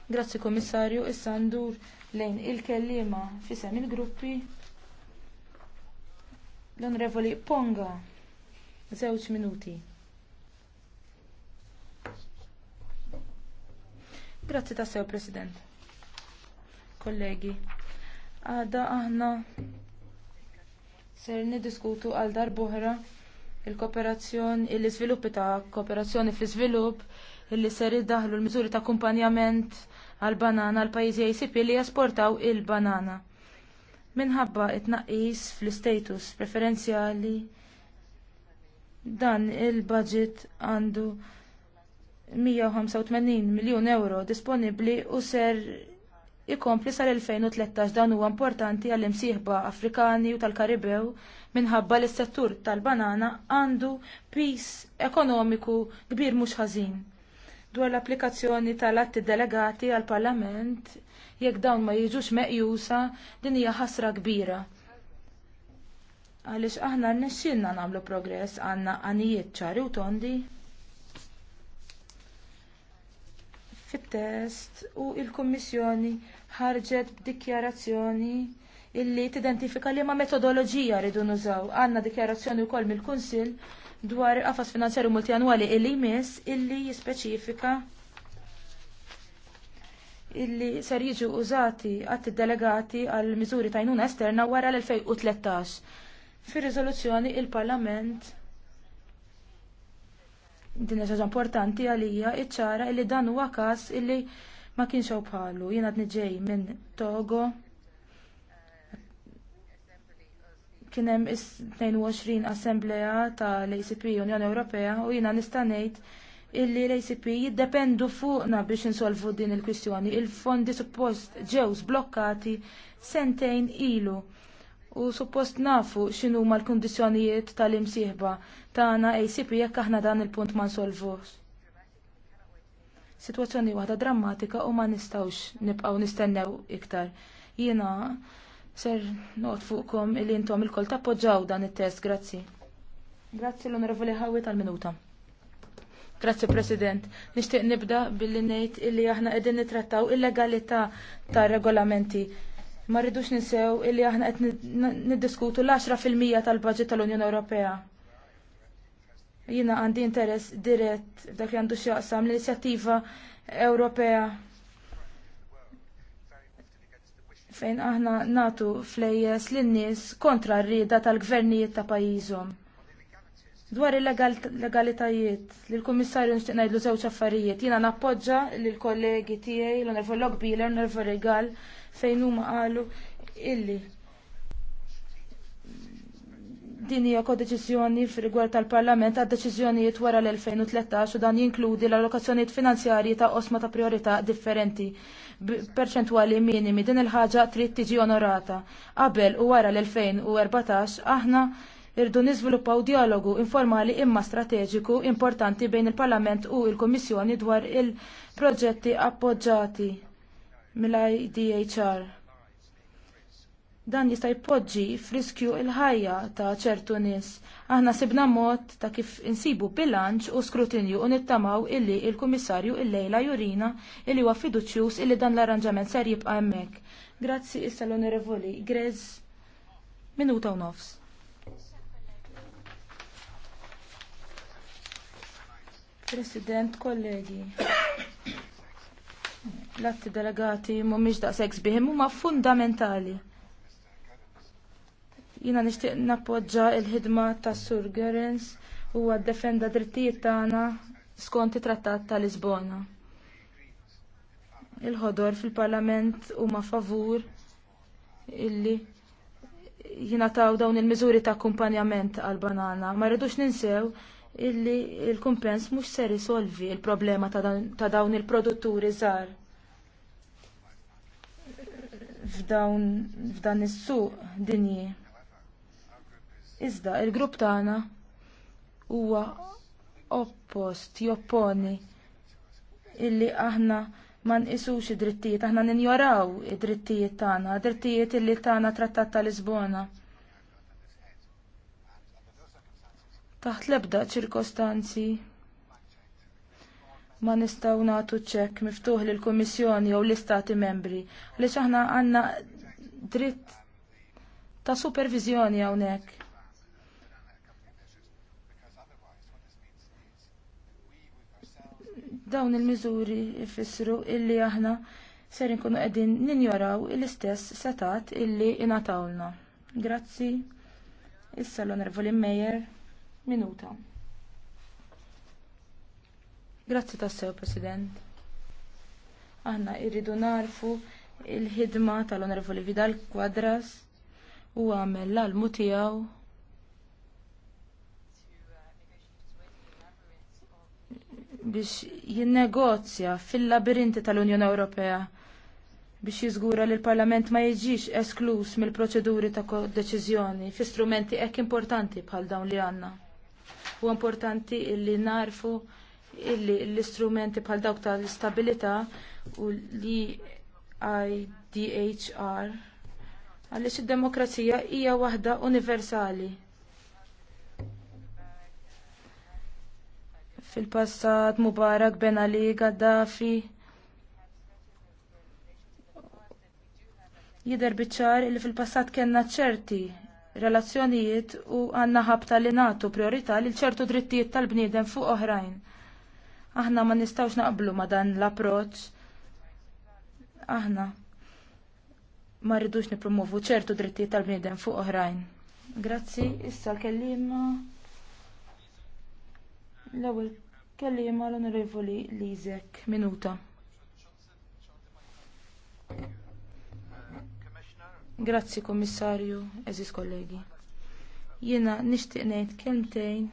Grazzi Komissarju, issa ndur lejn il-kellima sem il-gruppi. l onrevoli Ponga, żewġ minuti. Grazzi ta' sew President. Kollegi, għada aħna ser niddiskutu għal darbohra il-kooperazzjoni, il izvilupi ta' kooperazzjoni fl il illi ser daħlu l-miżuri ta' kumpanjament għal-banana l pajjiżi ACP li jasportaw il-banana. Minħabba t tnaqqis fl-status preferenzjali dan il-budget għandu 185 miljun euro disponibbli u ser ikompli sal-2013 dan huwa importanti għall imsieħba Afrikani u tal-Karibew minħabba li s settur tal-banana għandu pis ekonomiku kbir mhux ħażin dwar l-applikazzjoni tal-atti delegati għall parlament jekk dawn ma jiġux meqjusa din hija ħasra kbira. Għaliex aħna rnexxielna nagħmlu progress għandna għanijiet ċari u tondi fit-test u l kummissjoni ħarġet b'dikjarazzjoni illi tidentifika liema metodoloġija rridu nużaw. Għandna dikjarazzjoni wkoll mill-Kunsill dwar qafas finanzjarju multianwali illi jmiss illi jispeċifika illi ser jiġu użati għatti delegati għal miżuri tajnuna esterna wara l-2013. Fir-riżoluzzjoni il-Parlament din ħaġa importanti għalija iċċara illi dan huwa każ illi ma kienx bħalu. Jiena qed niġej minn Togo Kien hemm 22 assembleja tal acp Unjoni Ewropea u jiena nista' ngħid illi l-ACP jiddependu fuqna biex insolvu din il-kwistjoni. Il-fondi suppost ġew sblokkati sentejn ilu u suppost nafu x'inhu ma l-kundizzjonijiet tal-imsieħba tagħna ACP jekk aħna dan il-punt ma nsolvux. Sitwazzjoni waħda drammatika u ma nistgħux nibqgħu nistennew iktar. Jiena ser not fuqkom il intom il-kol tappoġġaw dan it-test, grazzi. Grazzi l-Onorevoli Ħawi tal-minuta. Grazzi President, nixtieq nibda billi ngħid illi aħna qegħdin nitrattaw il-legalità tar regolamenti. Ma rridux ninsew illi aħna qed niddiskutu l-10% tal-budget tal-Unjoni Ewropea. Jiena għandi interess dirett dak li għandu jaqsam l-inizjattiva Ewropea fejn aħna natu flejjes lin-nies kontra r-rieda tal-gvernijiet ta' pajjiżhom. Dwar il-legalitajiet, l-Kummissarju nixtieq ngħidlu żewġ affarijiet. Jiena nappoġġa lill kollegi tiegħi l-Onorevol Lokbiler, l-Onorevol Regal fejn huma qalu illi Din hija kodeċiżjoni f'rigward tal-Parlament għad deċiżjonijiet wara l-2013 u dan jinkludi l-allokazzjonijiet finanzjarji ta' osma ta' priorità differenti perċentwali minimi din il-ħaġa trid tiġi onorata. Qabel u wara l-2014 aħna irdu niżviluppaw dialogu informali imma strateġiku importanti bejn il-Parlament u l kummissjoni dwar il-proġetti appoġġati mill-IDHR dan jista' jpoġġi friskju il-ħajja ta' ċertu nies. Aħna sibna mod ta' kif insibu bilanċ u skrutinju u nittamaw illi il-Kummissarju illejla jurina illi huwa fiduċjuż illi dan l-arranġament ser jibqa' hemmhekk. Grazzi issa l-Onorevoli Grez minuta u nofs. President, kollegi, l-atti delegati mhumiex da' seks huma fundamentali Jiena nixtieq nappoġġa l ħidma tas Sur u huwa ddefenda drittijiet tagħna skont it-Trattat ta' Lisbona. Il-ħodor fil-Parlament huma favur illi jingħataw dawn il-miżuri ta' akkumpanjament għall banana Ma rridux ninsew illi l kumpens mhux ser isolvi l problema ta' dawn il-produtturi żgħar f'dawn f'dan is-suq dinji. Iżda il-grupp tagħna huwa oppost, jopponi illi aħna ma nqisux id-drittijiet, aħna ninjoraw id-drittijiet tagħna, drittijiet illi tagħna trattat ta' Lisbona. Taħt l-ebda ċirkostanzi ma nistgħu nagħtu ċekk miftuħ lill kummissjoni jew l-Istati membri għaliex aħna għandna dritt ta' supervizjoni hawnhekk. Dawn il-miżuri jfissru illi aħna ser nkunu qegħdin ninjoraw l-istess setat illi inatawlna. Grazzi. Issa l-Onorevoli Meyer, minuta. Grazzi tassew, President. Aħna irridu narfu il-ħidma tal-Onorevoli Vidal Quadras u għamel l-almu tiegħu biex jinnegozja fil-labirinti tal-Unjoni Ewropea biex jiżgura li l-Parlament ma jiġix esklus mill-proċeduri ta' deċiżjoni fi strumenti hekk importanti bħal dawn li għandna. U importanti illi narfu illi l-istrumenti bħal dawk tal-istabilità u li IDHR għaliex id-demokrazija hija waħda universali fil-passat Mubarak Ben Ali Gaddafi. Jider biċċar li fil-passat kellna ċerti relazzjonijiet u għandna ħabta li nagħtu priorità li ċertu drittijiet tal-bniedem fuq oħrajn. Aħna ma nistgħux naqblu ma dan l-approċċ. Aħna ma rridux nipromovu ċertu drittijiet tal-bniedem fuq oħrajn. Grazzi, issa l-kellima l-ewwel Kellima l-Onorevoli Lizek, minuta. Grazzi Kommissarju, eżis kollegi. Jiena nixtieq ngħid kelmtejn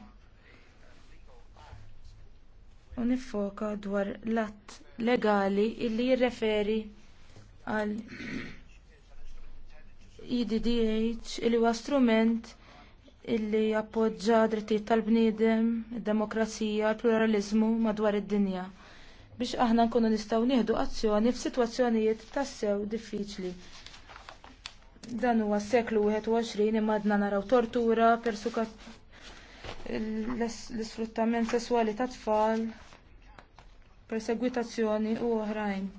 u niffoka dwar l-att legali illi jirreferi għal iddh e illi huwa strument illi jappoġġa drittijiet tal-bniedem, id-demokrazija, l-pluralizmu madwar id-dinja biex aħna nkunu nistgħu nieħdu azzjoni f'sitwazzjonijiet tassew diffiċli. Dan huwa s-seklu 21 imma għadna naraw tortura, persuka l-isfruttament sesswali ta' tfal, persegwitazzjoni u oħrajn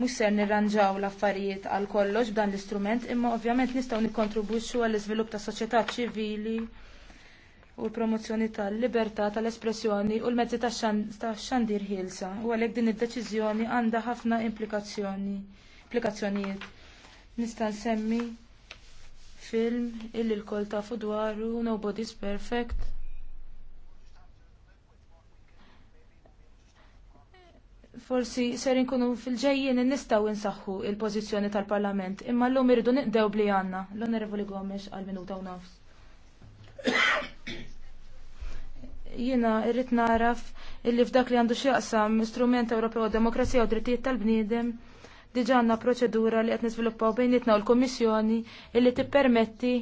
mhux ser nirranġaw l-affarijiet għal kollox b'dan l-istrument, imma ovvjament nistgħu nikkontribwixxu għall iżvilupp ta' soċjetà ċivili u l-promozzjoni tal-libertà tal-espressjoni u l-mezzi tax-xandir ħielsa u għalhekk din id-deċiżjoni għandha ħafna implikazzjoni implikazzjonijiet. Nista' nsemmi film illi l-kol ta' fudwaru, Nobody's Perfect forsi ser inkunu fil-ġejjien nistgħu insaħħu il-pożizzjoni tal-Parlament, imma llum irridu niqdew bli għandna. L-Onorevoli Gomes għal minuta u nafs. Jiena irrit naraf illi f'dak li għandu xieqsam strument Ewropew Demokrazija u Drittijiet tal-Bniedem diġanna għandna proċedura li qed niżviluppaw bejnietna u l-Kummissjoni illi tippermetti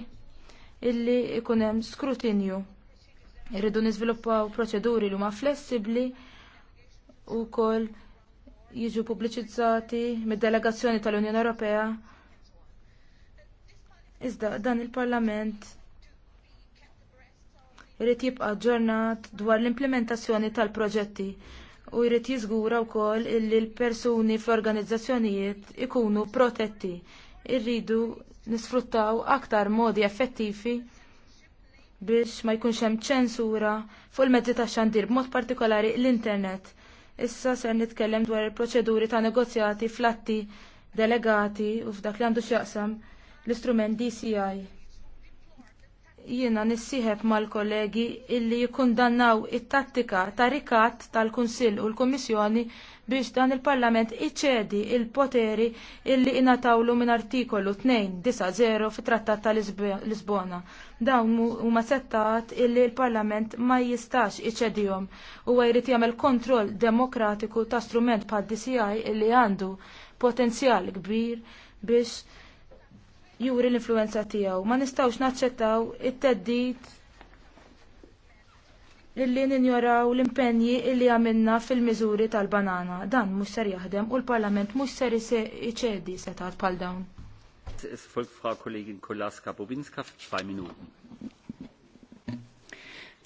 illi ikun hemm skrutinju. Irridu niżviluppaw proċeduri li huma flessibbli u kol jiġu pubbliċizzati mid-delegazzjoni tal-Unjoni Ewropea. Iżda dan il-Parlament irid jibqa' ġurnat dwar l-implementazzjoni tal-proġetti u jrid jiżgura wkoll illi l-persuni fl-organizzazzjonijiet ikunu protetti. Irridu nisfruttaw aktar modi effettivi biex ma jkunx hemm ċensura fuq il-mezzi tax-xandir b'mod partikolari l-internet Issa se nitkellem dwar il-proċeduri ta' negozjati flatti delegati u f'dak li għandu x'jaqsam l-istrument DCI jiena nissieħeb mal-kollegi illi jikkundannaw it-tattika ta' rikat tal-Kunsill u l-Kummissjoni biex dan il-Parlament iċedi il-poteri illi inatawlu minn artikolu 290 fit-Trattat ta' Lisbona. Dawn huma settat illi l-Parlament ma jistax iċedihom u jrid jagħmel kontroll demokratiku ta' strument bħad DCI illi għandu potenzjal kbir biex juri l-influenza tiegħu. Ma nistgħux naċċettaw it-teddid illi ninjoraw l-impenji illi għamilna fil-miżuri tal-banana. Dan mhux ser jaħdem u l-Parlament mhux ser iċedi setat bħal dawn. Es Kollegin Kolaska-Bobinska für zwei Minuten.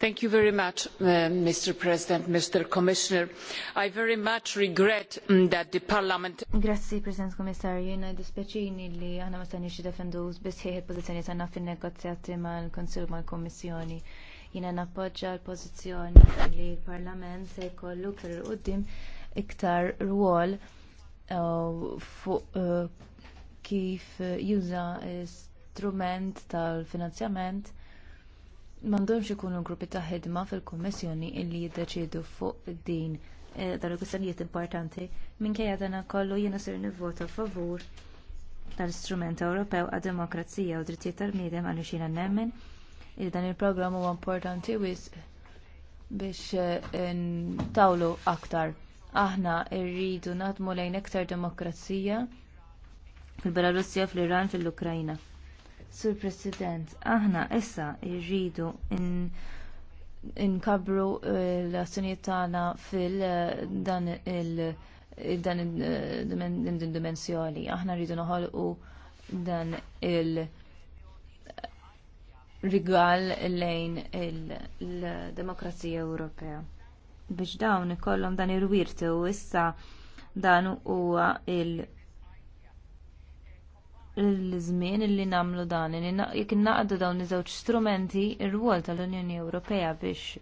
Thank you very much, uh, Mr. President, Mr. Commissioner. I very much regret mm, that the Parliament... Grazzi, President Komissarju, jena dispieċini li għana ma stanix defendu bisħiħ il-pozizjoni tagħna fin-negozjati mal-Konsil mal-Kommissjoni. Jena nappoġġa l-pożizzjoni li l-Parlament se jkollu ktar il-qudiem iktar rwol uh, fuq uh, kif juża strument tal-finanzjament mandomx ikunu gruppi ta' ħidma fil-Kummissjoni illi jiddeċidu fuq din eh, dan il-kustanijiet importanti minkejja dan kollu jiena ser nivvota favur tal-istrument Ewropew għad demokrazija u drittijiet tal-bniedem għaliex jiena nemmen li dan il-programm huwa importanti wisq biex eh, tawlu aktar. Aħna rridu naħdmu lejn aktar demokrazija fil-Belarusja, fl-Iran, fil-Ukrajna. Sur President, aħna issa jridu inkabru eh, l-azzjonijiet tagħna fil-dan eh, il-dan eh, dimensjoni. Aħna rridu noħolqu dan il- rigal lejn il-demokrazija Ewropea. Biex dawn ikollhom dan ir-wirtu issa dan huwa il- l-żmien li nagħmlu dan, jekk naqdu dawn iż-żewġ strumenti, ir-rwol tal-Unjoni Ewropea biex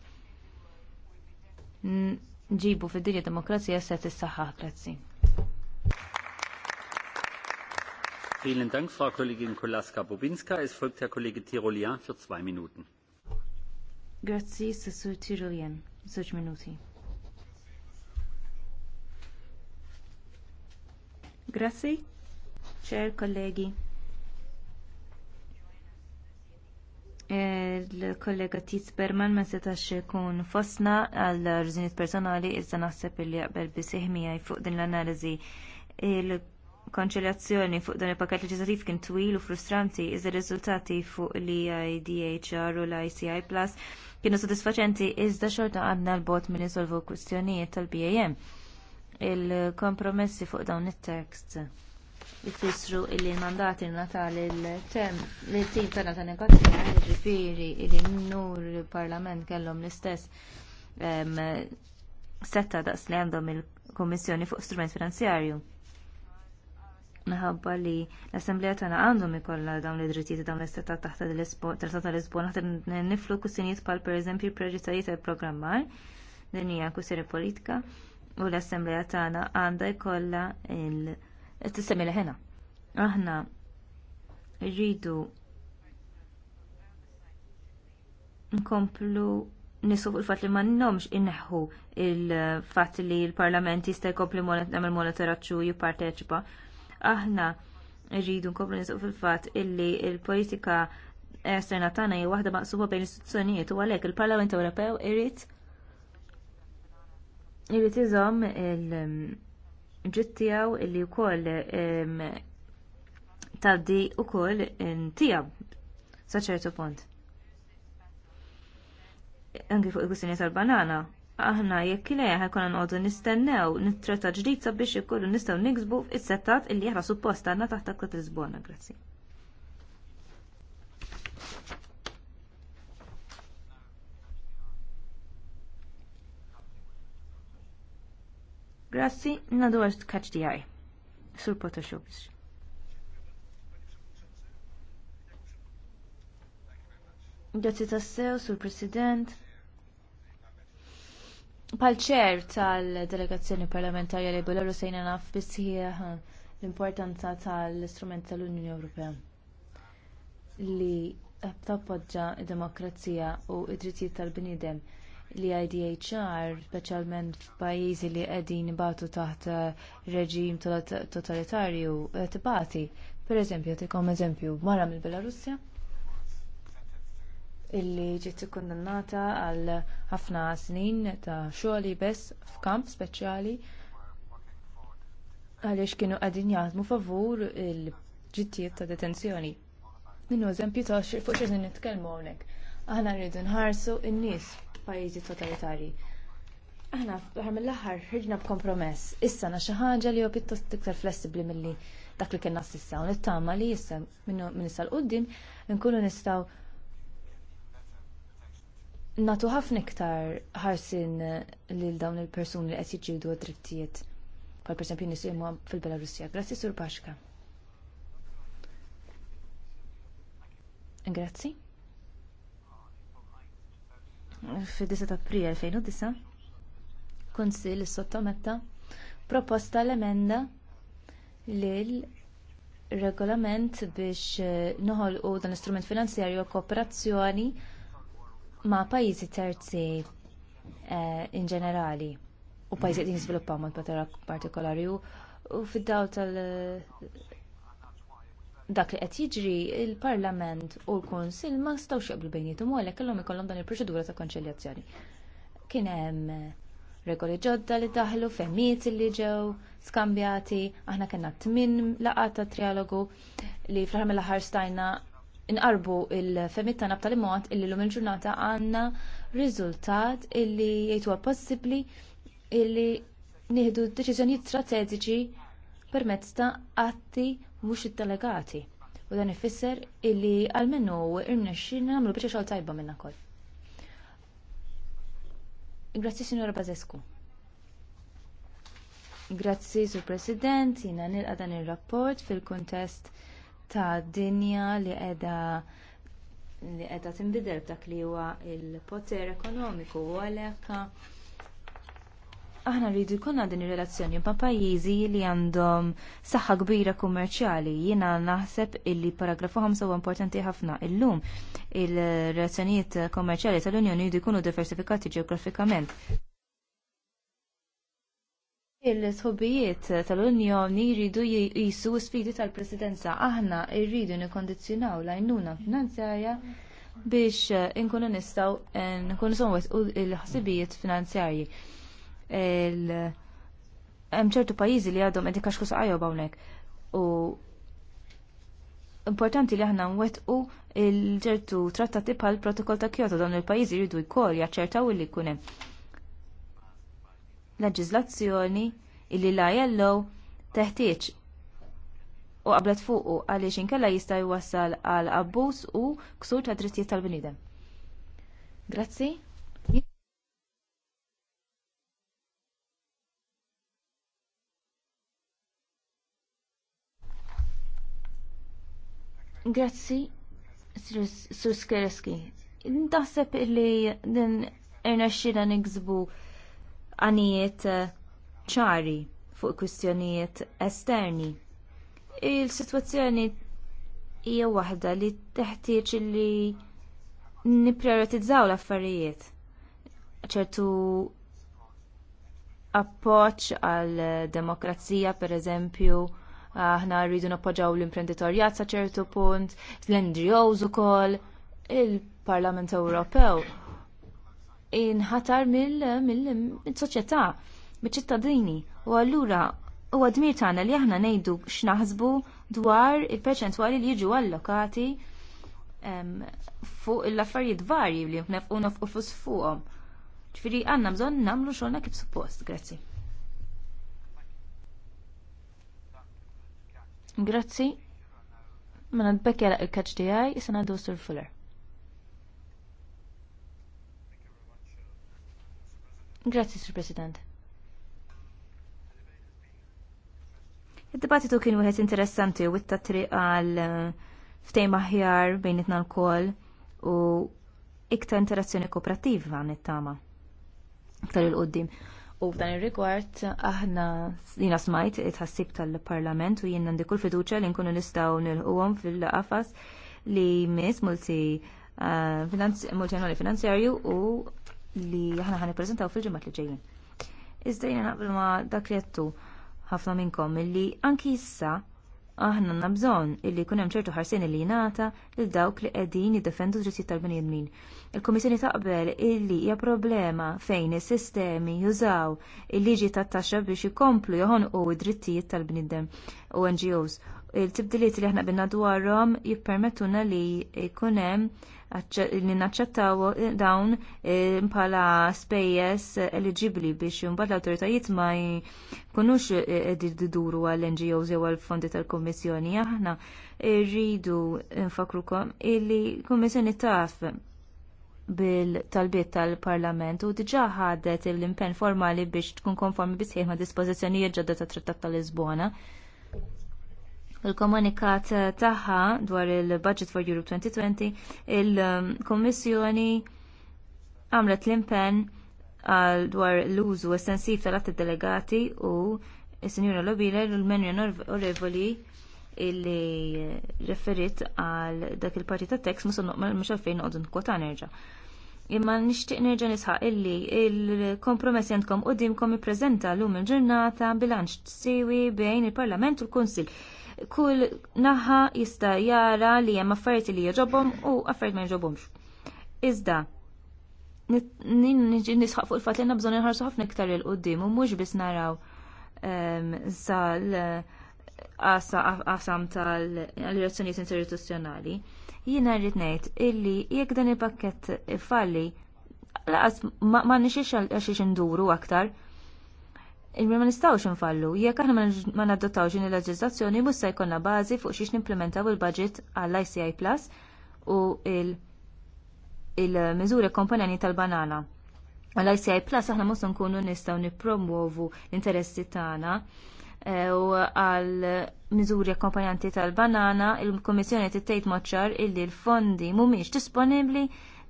ġibu fid-dinja demokrazija se tissaħħaħ grazzi. Vielen Dank, Frau Kollegin Kolaska-Bobinska. Es folgt Herr Kollege für zwei Minuten. minuti. Chair, kollegi. Il-kollega Tiz Berman ma setax kun fosna għal rżinit personali iżda naħseb li jaqbel bisihmijaj fuq din l-analizi. Il-konċiljazzjoni fuq dan il-pakket leġislativ kien twil u frustranti iżda riżultati fuq li IDHR u l-ICI Plus kienu sodisfaċenti iżda xorta għadna l-bot minn insolvu kwistjonijiet tal-BAM. Il-kompromessi fuq dawn it-tekst jfissru illi mandati natal il-tem li tim tana ta' negozja ġifiri illi nur il-parlament kellhom l-istess setta daqs li għandhom il kummissjoni fuq strument finanzjarju. Naħabba li l-Assemblea tagħna għandhom ikollha dawn l-drittijiet dawn l-istetta taħt l-Trattat ta' Lisbon naħta niflu kussinijiet bħal pereżempju preġizzjonijiet tal-programmar din hija kwistjoni politika u l-Assemblea tagħna għandha jkollha il- tissemmi li ħena. Aħna rridu nkomplu nisu fuq il-fat li ma nomx inneħu il-fat li l-parlament jista' jkompli nagħmel monitoraġġu jipparteċipa. Aħna rridu nkomplu nisu fil-fat illi il-politika esterna tagħna hija waħda maqsuba bejn istituzzjonijiet u għalhekk il-Parlament Ewropew irid irid iżomm il-, -il ġitt tiegħu li wkoll tgħaddi wkoll tiegħu sa ċertu punt. Anki fuq il-kustinja tal-banana, aħna jekk le ħajkun noqogħdu nistennew nittretta ġdid sabiex ikollu nistgħu niksbu is-settat illi aħna suppost għandna taħt aktar Lisbona, grazzi. Grassi, nadu għax tkaċ tijaj. Sur Potoshubs. Grazzi tassew, sur President. Pal-ċer tal-delegazzjoni parlamentarja li bolleru sejna naf bisħieħ l-importanza tal-istrument tal-Unjoni Ewropea li tappoġġa id demokrazija u id-drittijiet tal binidem li IDHR, speċjalment f'pajjiżi li qegħdin ibatu taħt eh, reġim totalitarju eh, tibati. pereżempju eżempju, eżempju, mara mill belarussja illi ġiet ikkundannata għal ħafna snin ta' xogħli bess f'kamp speċjali għaliex kienu qegħdin jaħdmu favur il-ġittijiet ta' detenzjoni. Minnu eżempju ta' fuq xi nitkellmu hawnhekk. Aħna rridu nħarsu n-nies f'pajjiżi totalitarji. Aħna aħna mill-aħħar ħirġna b'kompromess. Issa na xi ħaġa li hu pjuttost iktar flessibbli milli dak li kienna s'issa u nittama li issa minn issa l-qudiem nkunu nistgħu natu ħafna iktar ħarsin lil dawn il-persuni li qed jiġġieldu d-drittijiet. Bħal pereżempju nies fil-Belarusja. Grazzi Sur Paxka. Grazzi fid 10 ta' April 2009 kunsil sottometta proposta l-emenda lil regolament biex eh, noħolqu dan l-istrument finanzjarju kooperazzjoni ma' pajjiżi terzi eh, in ġenerali u pajjiżi li jiżviluppaw mod partikolari u fid-daw tal dak li qed jiġri il-Parlament u l-Kunsill ma stawx jaqblu bejnietum u għalhekk kellhom ikollhom dan il-proċedura ta' konċiljazzjoni. Kien hemm eh, regoli ġodda li daħlu, femmiet li ġew skambjati, aħna kellna tmien laqgħat ta' trialogu li fl-aħħar mill-aħħar stajna inqarbu il femmijiet tagħna b'tali mod illi lum il-ġurnata għandna riżultat illi jgħidu possibbli illi nieħdu deċiżjonijiet strateġiċi permezz ta' atti mhux id-delegati. U dan ifisser illi għalmenu irnexxin nagħmlu biċċa xogħol tajba minn ukoll. Grazzi Signora Bazescu. Grazzi Sur President, jiena nilqa dan ir-rapport fil-kuntest ta' dinja li qiegħda li qiegħda tinbidel b'dak li huwa l poter ekonomiku u għalhekk aħna rridu jkollna din ir-relazzjoni ma' pajjiżi li għandhom saħħa kbira kummerċjali. Jiena naħseb illi paragrafu 5 huwa importanti ħafna. Illum il-relazzjonijiet kummerċjali tal-Unjoni jridu jkunu diversifikati ġeografikament. Il-sħobijiet tal-Unjoni jridu jisu sfidi tal-Presidenza. Aħna rridu nikondizjonaw l-għajnuna finanzjarja biex inkunu nistgħu eh, nkunu somwet il-ħsibijiet finanzjarji hemm ċertu pajjiżi li għadhom qed kaxkus saqajhom hawnhekk. U importanti li aħna nwettqu ċertu trattati bħal protokoll ta' Kyoto dawn il-pajjiżi jridu jkoll jaċċertaw illi jkun hemm leġiżlazzjoni illi la jellow teħtieġ u qablet fuqu għaliex inkella jista' jwassal għal abbuż u ksur ta' drittijiet tal-bniedem. Grazzi. Grazzi, Suskereski. Skereski. Daħseb li din irna xira nigzbu għanijiet eh, ċari fuq kwistjonijiet esterni. Il-situazzjoni hija waħda li teħtieġ li nipprioritizzaw l-affarijiet. ċertu appoċ għal demokrazija pereżempju aħna rridu nappoġġaw l-imprenditorjat sa ċertu punt, l-NGOs ukoll, il-Parlament Ewropew inħatar mill-soċjetà, mill-ċittadini. U allura u għadmir tagħna li aħna ngħidu x'naħsbu dwar il-perċentwali li jiġu allokati fuq l-affarijiet varji li nefqu nofqu fuqhom. Ġifieri għandna bżonn nagħmlu xogħolna kif suppost. Grazzi. Grazzi. Mena d-bekja il-kaċ di għaj, jisana d Sur Fuller. Grazzi, Sir President. Id-dibattitu kien wieħed interessanti u witta triq għal eh, ftejn maħjar bejn itna l-kol u iktar interazzjoni kooperattiva nittama. Iktar il-qoddim. U f'dan ir-rigward aħna jina smajt it-ħassib tal-Parlament u jien għandi kull fiduċa li nkunu nistgħu nilħuhom fil-qafas li mis multi uh, multi finanzjarju u li aħna ħan prezentaw fil-ġimgħat li ġejjin. Iżda naqbel ma' dak li jettu ħafna minnkom illi anki issa aħna nabżon bżonn illi jkun hemm ċertu ħarsien li jnata lil dawk li qegħdin jiddefendu drittijiet tal bnedmin Il-Kummissjoni taqbel illi hija problema fejn is-sistemi jużaw il-liġi tat-taxxa biex ikomplu joħonqu id drittijiet tal-bniedem u NGOs. Il-tibdiliet li aħna binna dwarhom jippermettuna li jkun hemm li naċċettaw eh, dawn eh, bħala spejjeż eligibbli biex imbagħad l-awtoritajiet ma jkunux eh, diduru għall ngos jew għall fondi tal-Kummissjoni. Aħna rridu nfakrukom illi Kummissjoni taf bil-talbiet tal-Parlament u diġà ħadet l-impenn formali biex tkun konformi bisħieħ ma' dispożizzjonijiet ġodda tat Trattat tal-Lisbona il-komunikat eh, tagħha dwar il-Budget for Europe 2020, il kummissjoni għamlet l-impenn għal dwar l-użu estensiv tal-atti delegati u s-Sinjura Lobile l-Menjon Orevoli illi referit għal dak il-parti ta' tekst musa mux għalfejn għodun kota nerġa. Imma nishtiq nerġa nisħaq illi il-kompromess li u dimkom i-prezenta l-lum il-ġurnata bilanċ t-siwi bejn il-Parlament u l-Konsil kull naħa jista' jara li hemm affarijiet li jogħġobhom u affarijiet ma jogħġobhomx. Iżda nisħaq fuq il-fatt li għandna bżonn inħarsu ħafna iktar il qudiem u mhux biss naraw sal ehm, qasam tal-relazzjonijiet interistituzzjonali. Jiena rrid ngħid illi jekk dan il-pakkett falli laqas ma nixiex għax induru aktar Imma ma nistgħux infallu, jekk aħna ma nadottawx din il-leġiżlazzjoni mhux se jkollna bażi fuq xiex nimplementaw il-budget għall ICI Plus u il-miżuri komponenti tal-banana. Għall ICI Plus aħna mhux nkunu nistgħu nippromuovu l-interessi tagħna e, u għall miżuri akkompanjanti tal-banana, il-Komissjoni tittejt maċċar illi l-fondi mhumiex disponibbli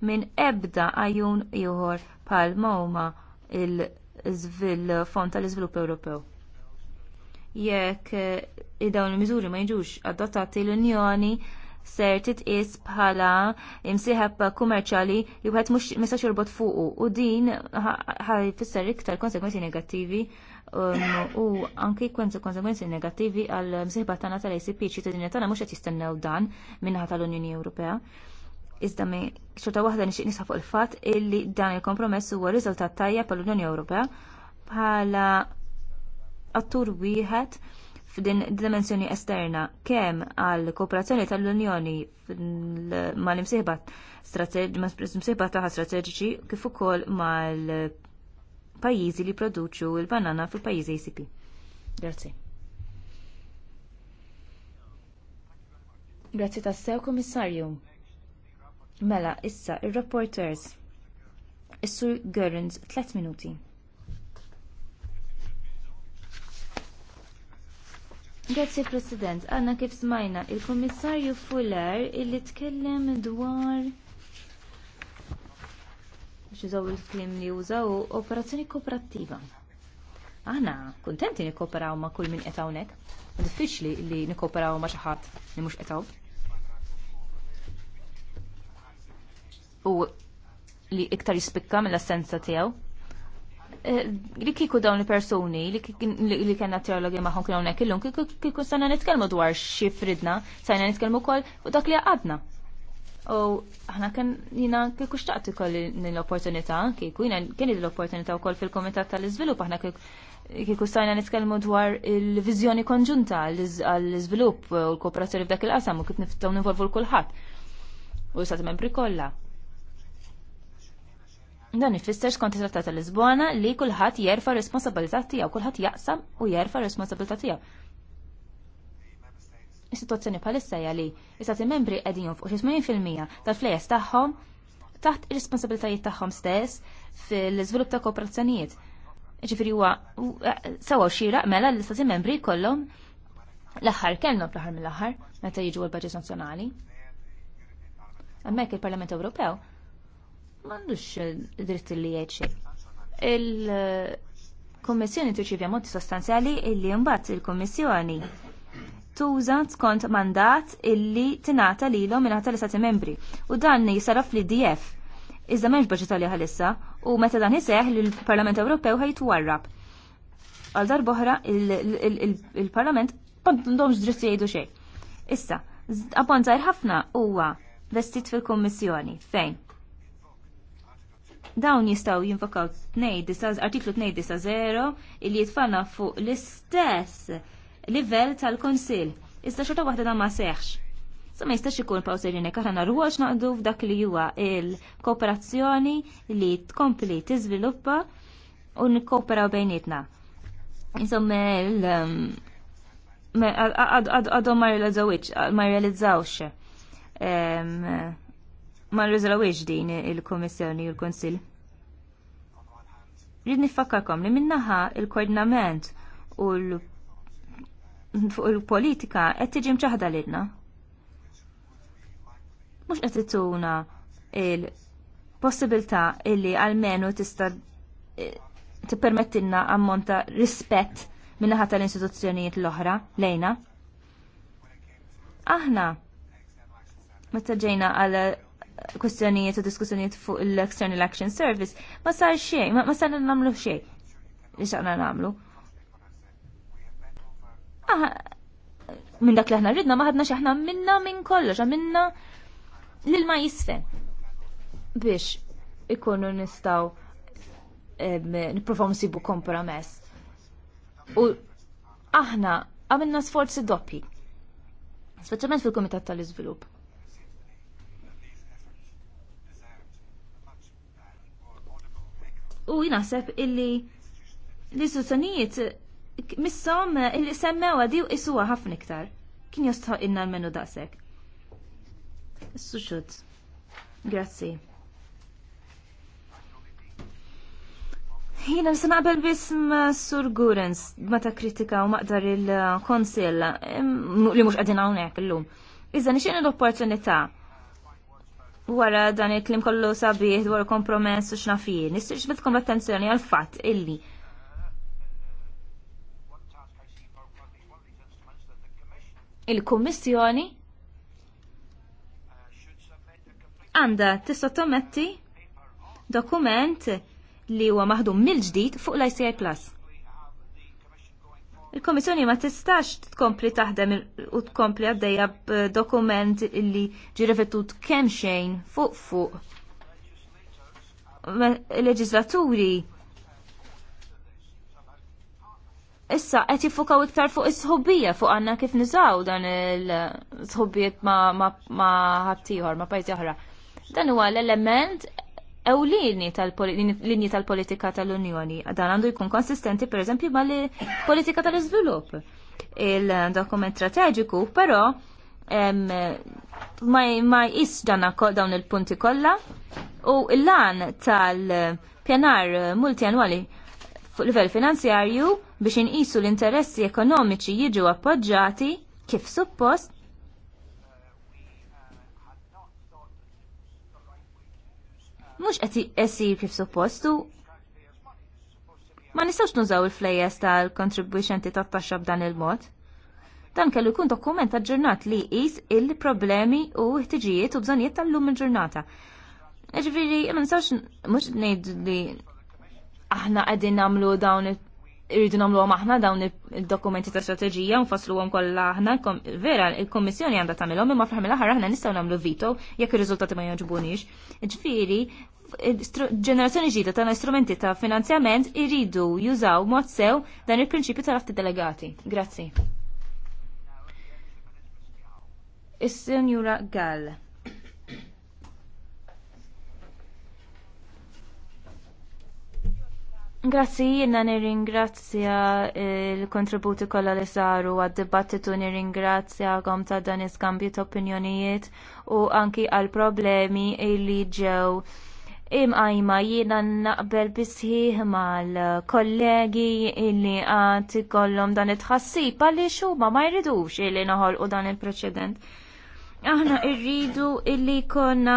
minn ebda għajun ieħor bħal mawma il- fond tal-iżvilupp Ewropew. Jekk eh, dawn il-miżuri ma jiġux adottati l-Unjoni ser titqis bħala imsieħeb kummerċjali li wieħed mhux mista jorbot fuqu u din ħajfisser iktar konsekwenzi negattivi um, u anki konsekwenzi negattivi għal msieħba tagħna tal-ACP ċittadini tagħna mhux qed jistennew dan minnaħa tal-Unjoni Ewropea iżda me xorta waħda nixtieq nisħa fuq il-fatt illi dan il-kompromess huwa riżultat tajjeb għall unjoni Ewropea bħala attur wieħed f'din dimensjoni esterna kemm għal kooperazzjoni tal-Unjoni ma' l-imsieħba strateġiċi taħa strateġiċi kif ukoll mal-pajjiżi li produċu l-banana fil-pajjiżi ACP. Grazzi. Grazzi tassew, Kummissarju. Mela, issa, il-reporters. Is-sur Görens, 3 minuti. Grazie President, għanna kif smajna il-Komissarju Fuller illi tkellem dwar biex użaw il-klim li użaw operazzjoni kooperattiva. Aħna kuntenti nikoperaw ma' kull min etawnek. hawnhekk. Diffiċli li nikoperaw ma' xi ħadd li mhux qed u li iktar jispikka mill-assenza tiegħu. Eh, li kiku dawn il personi li kena teologi maħon kienu għonek illum, kiku sajna nitkelmu dwar xifridna, sajna nitkelmu kol u dak li għadna. U ħana kien jina kiku xtaqt kolli l-opportunità, kiku jina kien l-opportunità u koll fil-komitat tal-izvilup, ħana kiku sanna nitkelmu dwar il-vizjoni konġunta għall-izvilup u l-kooperazzjoni f'dak il-qasam u kif niftaw nivolvu l-kulħat. U s-sat membri kolla Dan ifisser skont it-Trattat ta' Lisbona li kulħadd jerfa' responsabilità tiegħu, kulħadd jaqsam u jerfa' responsabilità tiegħu. Is-sitwazzjoni bħalissa hija li istati membri qegħdin xi fil-mija tal-flejes tagħhom taħt ir-responsabilitajiet tagħhom stess fil-iżvilupp ta' kooperazzjonijiet. Ġifieri huwa sewa xieraq mela l-istati membri jkollhom l-aħħar kellhom fl-aħħar mill-aħħar meta jiġu l baġit nazzjonali. Hemmhekk il-Parlament Ewropew m'għandux dritt li jgħid xejn. Il-Kummissjoni tirċievi ammonti sostanzjali illi mbagħad il-Kummissjoni tuża skont mandat illi tingħata lilhom mingħata l-istati membri u dan jisara fl-IDF iżda m'hemmx baġit għalih issa, u meta dan iseħħ il-Parlament Ewropew ħajtwarrab. Għal darb'oħra il-Parlament m'għandhomx dritt jgħidu xejn. Issa, abbonzajr ħafna huwa vestit fil-Kummissjoni fejn dawn jistaw jinfokaw artiklu 2.0 illi jitfanna fuq l-istess livell tal-konsil. Iżda xorta waħda da ma seħx. So ma jistax ikun pawserinek aħna narruħax naqdu f'dak li huwa il-kooperazzjoni li tkompli tiżviluppa u nikkooperaw bejnietna. Insomma, għadhom ma realizzawx ma nriżolawiex din il-Komissjoni u l-Konsil. Rid nifakkarkom li minnaħa il-koordinament u l-politika qed tiġi mċaħda lilna. Mhux qed ittuna il-possibilità illi għalmenu tista' tippermettilna ammonta rispett minnaħa tal-istituzzjonijiet l-oħra lejna. Aħna meta ġejna għal kwistjonijiet u diskussjonijiet fuq l-External Action Service, ma sar xejn, ma sar namlu xejn. xaqna namlu. Aha, minn dak li ħna ridna ma ħadna xaħna minna minn kollox, minna lil ma jisfen. Biex ikunu nistaw niprofaw sibu kompromess. U aħna għamilna sforzi doppi. Speċjalment fil-Komitat tal-Iżvilupp u jinaħseb illi li sussanijiet missom illi semmewa di u isuwa ħafna iktar. Kien jostħo inna l-menu daqsek. Suxud. Grazzi. Jina nisa naqbel bism Sur Gurens meta kritika u maqdar il-konsil li mux għadin għawnek l-lum. Iżda nixin l-opportunita wara dan il-klim kollu sabiħ dwar kompromess u xnafijin, nistiġ bitkom attenzjoni għal-fat illi il-Kummissjoni għanda tissottometti dokument li huwa maħdum mill-ġdid fuq l-ICI Plus il-Komissjoni ma tistax tkompli taħdem u tkompli għaddejja b'dokument illi ġi rifettut kemm xejn fuq fuq. Leġislaturi issa qed jiffukaw iktar fuq is-sħobbija fuq għandna kif niżaw dan il-sħobbijiet ma' ħaddieħor ma' pajjiż oħra. Dan huwa l-element Ew linji tal-politika tal-Unjoni. Dan għandu jkun konsistenti pereżempju mal-politika tal-iżvilupp. Il-dokument strateġiku, però ma jis dana dawn il-punti kollha u l-lan tal-pjanar multianwali fuq livell finanzjarju biex inqisu l-interessi ekonomiċi jiġu appoġġjati kif suppost mhux qed isir kif suppostu. Ma nistgħux nużaw il flejes tal-kontribwixenti tat-taxxa b'dan il-mod. Dan kellu jkun dokument ġurnat li jis il-problemi u ħtiġijiet u bżonijiet tal-lum il-ġurnata. Ġifieri ma nistawx mhux ngħid li aħna qegħdin nagħmlu dawn irridu għom aħna dawn id-dokumenti ta' strateġija nfassluhom kollha aħna vera il-Kommissjoni għandha tagħmilhom imma fl-ħamil aħħar aħna nistgħu nagħmlu vito jekk ir-riżultati ma jogħġbunix. Ġviri, ġenerazzjoni ġdida ta' istrumenti ta' finanzjament irridu jużaw mod sew dan il-prinċipju ta' rafti delegati. Grazzi. Is-Sinjura Gall. Grazzi, nir nirringrazzja il-kontributi kolla li saru għad-dibattitu nirringrazzja għom ta' dan iskambju ta' opinjonijiet u anki għal-problemi li ġew imqajma jina naqbel bisħiħ mal-kollegi illi għati kollom dan it-ħassib għalli xuma ma jridux illi naħol u dan il-preċedent. Aħna irridu illi konna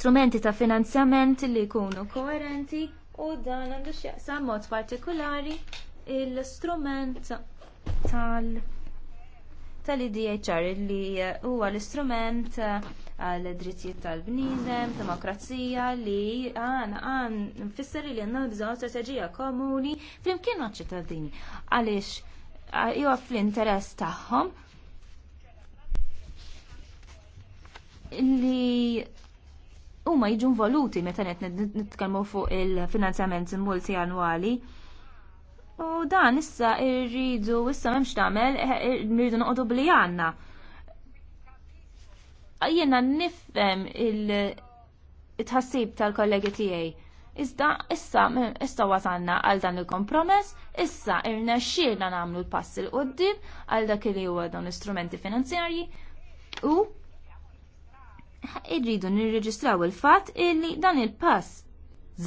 strumenti ta' finanzjament li jkunu koerenti u dan għandu xieqsa mod partikolari l-istrument tal- tal-IDHR li huwa l-istrument eh, għal drittijiet tal-bniedem, demokrazija li għana għan nfisser li għanna bżon strategija komuni flimkien maċ ċittadini. Għaliex eh, huwa fl-interess tagħhom li huma jiġu involuti meta qed nitkellmu fuq il-finanzjament multi annwali. U dan issa irridu issa m'hemmx tagħmel irridu eh, eh, noqogħdu bli għandna. Jiena nifhem il-tħassib tal-kollegi tiegħi. Iżda issa issa wasanna għal dan il-kompromess, issa xirna nagħmlu l-passi l qoddim għal dak li huwa dawn l-istrumenti finanzjarji u irridu nirreġistraw il-fatt illi dan il-pass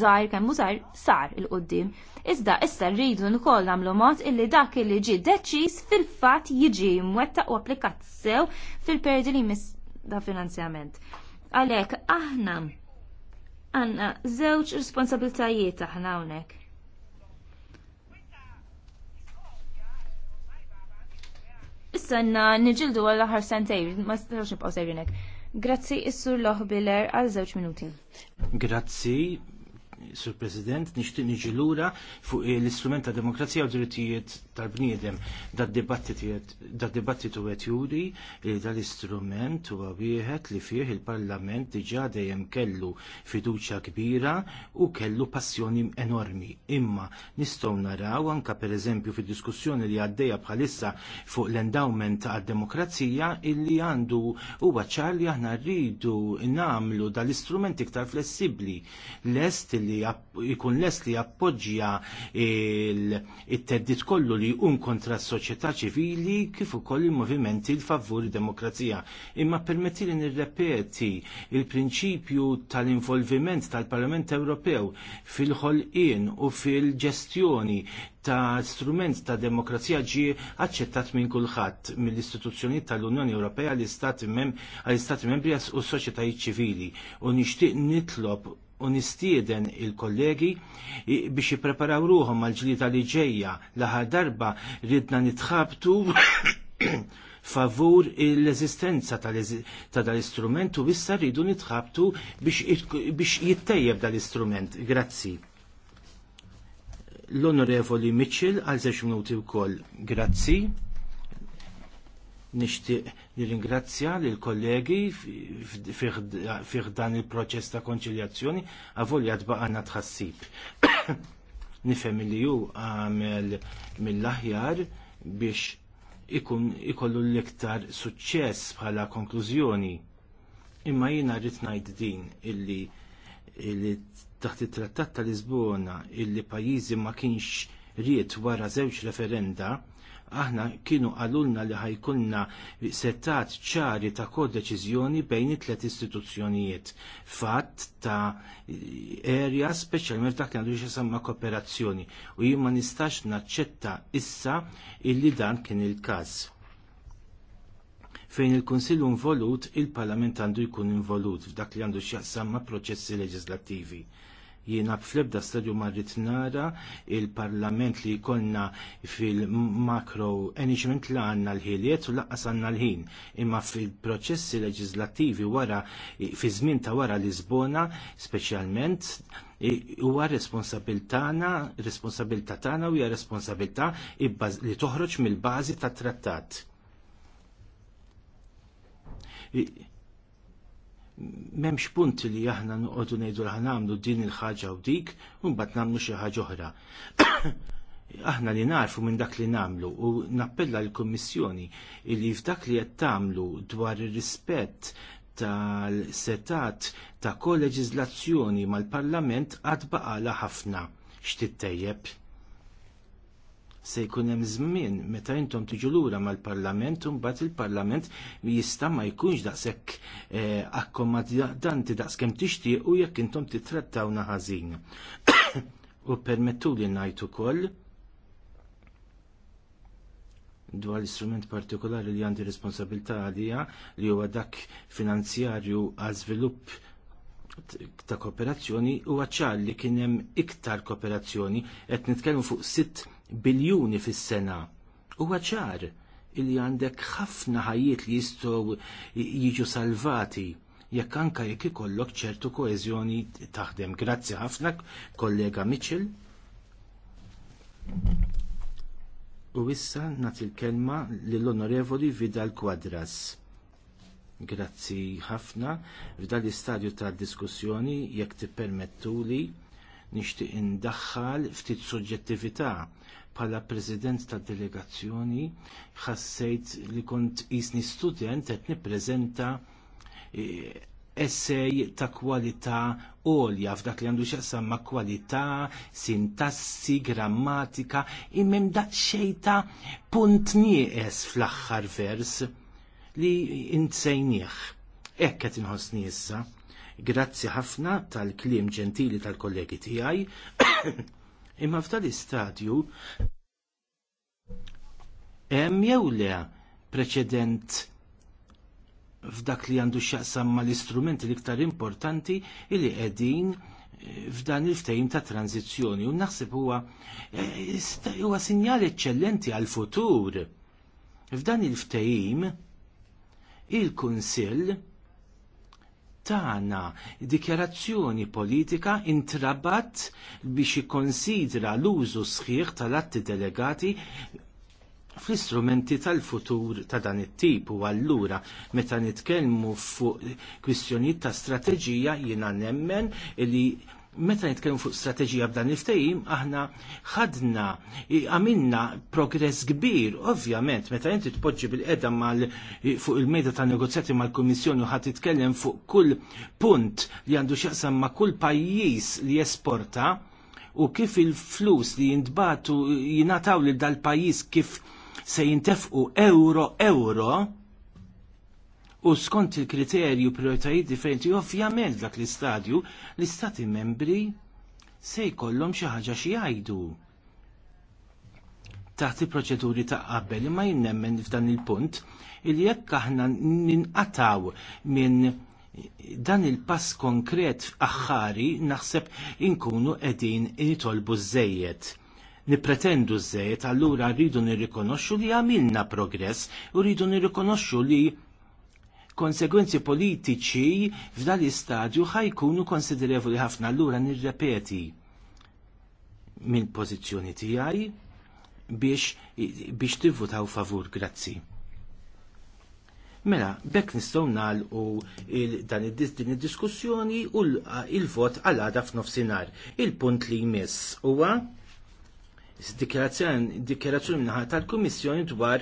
żgħar kemm mużar sar il-qoddim. Iżda issa rridu nkoll nagħmlu mod illi dak illi ġie deċiż fil-fatt jiġi mwettaq u applikat sew fil-perdi li mis ta' finanzjament. Għalhekk aħna għandna żewġ responsabiltajiet aħna hawnhekk. Issa nġildu għal aħħar sentej, ma s nibqgħu sejrinek. Grazzi Issur sur Loħbiller għal żewġ minuti. Grazzi, Sur President, nixtieq niġi lura fuq l-istrument ta' demokrazija u drittijiet tal-bniedem. Dad-dibattitu qed juri li dal-istrument huwa wieħed li fih il-Parlament diġà dejjem kellu fiduċja kbira u kellu passjoni enormi. Imma nistgħu naraw anke pereżempju fid-diskussjoni li għaddejja bħalissa fuq l-endowment għad-demokrazija illi għandu huwa ċar li aħna rridu nagħmlu dal-istrument iktar flessibbli lest li li jkun lest li jappoġġja il-teddit kollu li jkun kontra s-soċjetà ċivili kif ukoll il-movimenti l favur demokrazija. Imma permetti li nirrepeti il-prinċipju tal-involviment tal-Parlament Ewropew fil-ħolqien u fil-ġestjoni ta' strument ta' demokrazija ġi aċċettat minn kulħadd mill-istituzzjoni tal-Unjoni Ewropea għall-Istati mem membri u s-soċjetajiet ċivili u nixtieq nitlob u nistieden il-kollegi biex jipreparaw ruhom għal ġlita li ġejja l-aħħar darba ridna nitħabtu favur l-eżistenza ta' dal-istrument u issa rridu nitħabtu biex jittejjeb dal-istrument. Grazzi. L-Onorevoli Mitchell għal zeċ minuti wkoll. Grazzi. Nixtieq nirringrazzja lil kollegi fih dan il-proċess ta' konċiljazzjoni għavolja għanna tħassib. Nifhem li ju għamel mill-aħjar biex ikun ikollu l-iktar suċċess bħala konklużjoni. Imma jiena rrid ngħid din illi illi taħt it-Trattat ta' Lisbona illi pajjiżi ma kienx riet wara żewġ referenda aħna kienu għalulna li ħajkunna settat ċari ta' kodeċiżjoni bejn it-tlet istituzzjonijiet. Fatt ta' erja speċjalment ta' li għandu jisemma kooperazzjoni u jien ma nistax naċċetta issa illi dan kien il-każ fejn il-Kunsill involut, il-Parlament għandu jkun involut f'dak li għandu x'jaqsam ma' proċessi leġislattivi. Jiena fl-ebda stadju marrit nara il-parlament li jkollna fil-macro management la għanna l-ħiliet u laqqas għanna l-ħin. Imma fil-proċessi leġislattivi wara, fi żmien ta' wara Lisbona, speċjalment, huwa responsabiltana, responsabilta tagħna u hija responsabilta li toħroġ mill-bażi tat trattat memx punt li aħna nuqodu nejdu li għamlu din il-ħaġa u dik, un bat namlu xi ħaġa oħra. aħna li narfu minn dak li namlu u nappella l-Kommissjoni li f'dak li qed tagħmlu dwar ir-rispett tal-setat ta' koleġizlazzjoni mal-Parlament għad baqala ħafna x'tittejjeb se jkun hemm żmien meta intom tiġu lura mal-Parlament u mbagħad il-Parlament jista' ma jkunx daqshekk eh, akkomodanti daqskemm tixtiequ jekk intom titrattawna ħażin. u permettuli ngħid ukoll dwar l-istrument partikolari li għandi responsabilità għalija li huwa dak finanzjarju għal żvilupp ta' kooperazzjoni u għacċar li kien hemm iktar kooperazzjoni qed nitkellmu fuq sitt biljuni fis-sena. Huwa ċar illi għandek ħafna ħajjiet li jistgħu jiġu salvati jekk anka jekk ikollok ċertu koeżjoni taħdem. Grazzi ħafna kollega Mitchell. U issa nagħti il-kelma lill-Onorevoli Vidal Quadras. Grazzi ħafna f'dan l-istadju tad diskussjoni jekk tippermettuli nixtieq indaħħal ftit soġġettività bħala president tad delegazzjoni ħassejt li kont isni student qed nippreżenta e, essej ta' kwalità għolja f'dak li għandu xaqsam ma' kwalità, sintassi, grammatika, imem dak xejn ta' punt nieqes fl-aħħar vers li intsejnieh Ekk qed inħossni issa Grazzi ħafna tal-kliem ġentili tal-kollegi tiegħi. Imma f'tal istadju hemm jew le preċedent f'dak li għandu x'jaqsam mal-istrumenti l-iktar importanti li qegħdin eh, f'dan il-ftehim ta' tranzizzjoni u naħseb huwa eh, huwa sinjal eċċellenti għal futur. F'dan il-ftehim il-Kunsill tagħna dikjarazzjoni politika intrabat biex ikkonsidra l-użu sħiħ tal-atti delegati fl-istrumenti tal-futur ta' dan it-tip u allura meta nitkellmu fuq kwistjonijiet ta' strateġija jiena nemmen li meta nitkellmu fuq strateġija b'dan il-ftehim, aħna ħadna, għamilna progress kbir, ovvjament, meta inti tpoġġi bil-qeda fuq il-mejda ta' negozjati mal-Kummissjoni u ħad titkellem fuq kull punt li għandu x'jaqsam ma' kull pajjiż li jesporta u kif il-flus li jintbatu jingħataw lil dal-pajjiż kif se jintefqu euro euro u skont il-kriterju prioritajiet differenti, ovvjament dak l-istadju, l-istati membri se jkollhom xi ħaġa xi jgħidu taħt il-proċeduri ta' qabel imma jinnemmen f'dan il-punt il jekk aħna ninqataw minn dan il-pass konkret aħħari naħseb inkunu qegħdin nitolbu żejjed. Nipretendu żejjed allura rridu nirrikonoxxu li għamilna progress u rridu nirrikonoxxu li konsegwenzi politiċi f'dan l-istadju ħajkunu konsiderevoli ħafna allura nirrepeti minn pożizzjoni tiegħi biex biex tivvutaw favur, grazzi. Mela, bekk nistgħu nagħlqu dan id diskussjoni u il-vot għal-għada f'nofsinhar. Il-punt li jmiss huwa dikjerazzjoni minnaħa tal-Kummissjoni dwar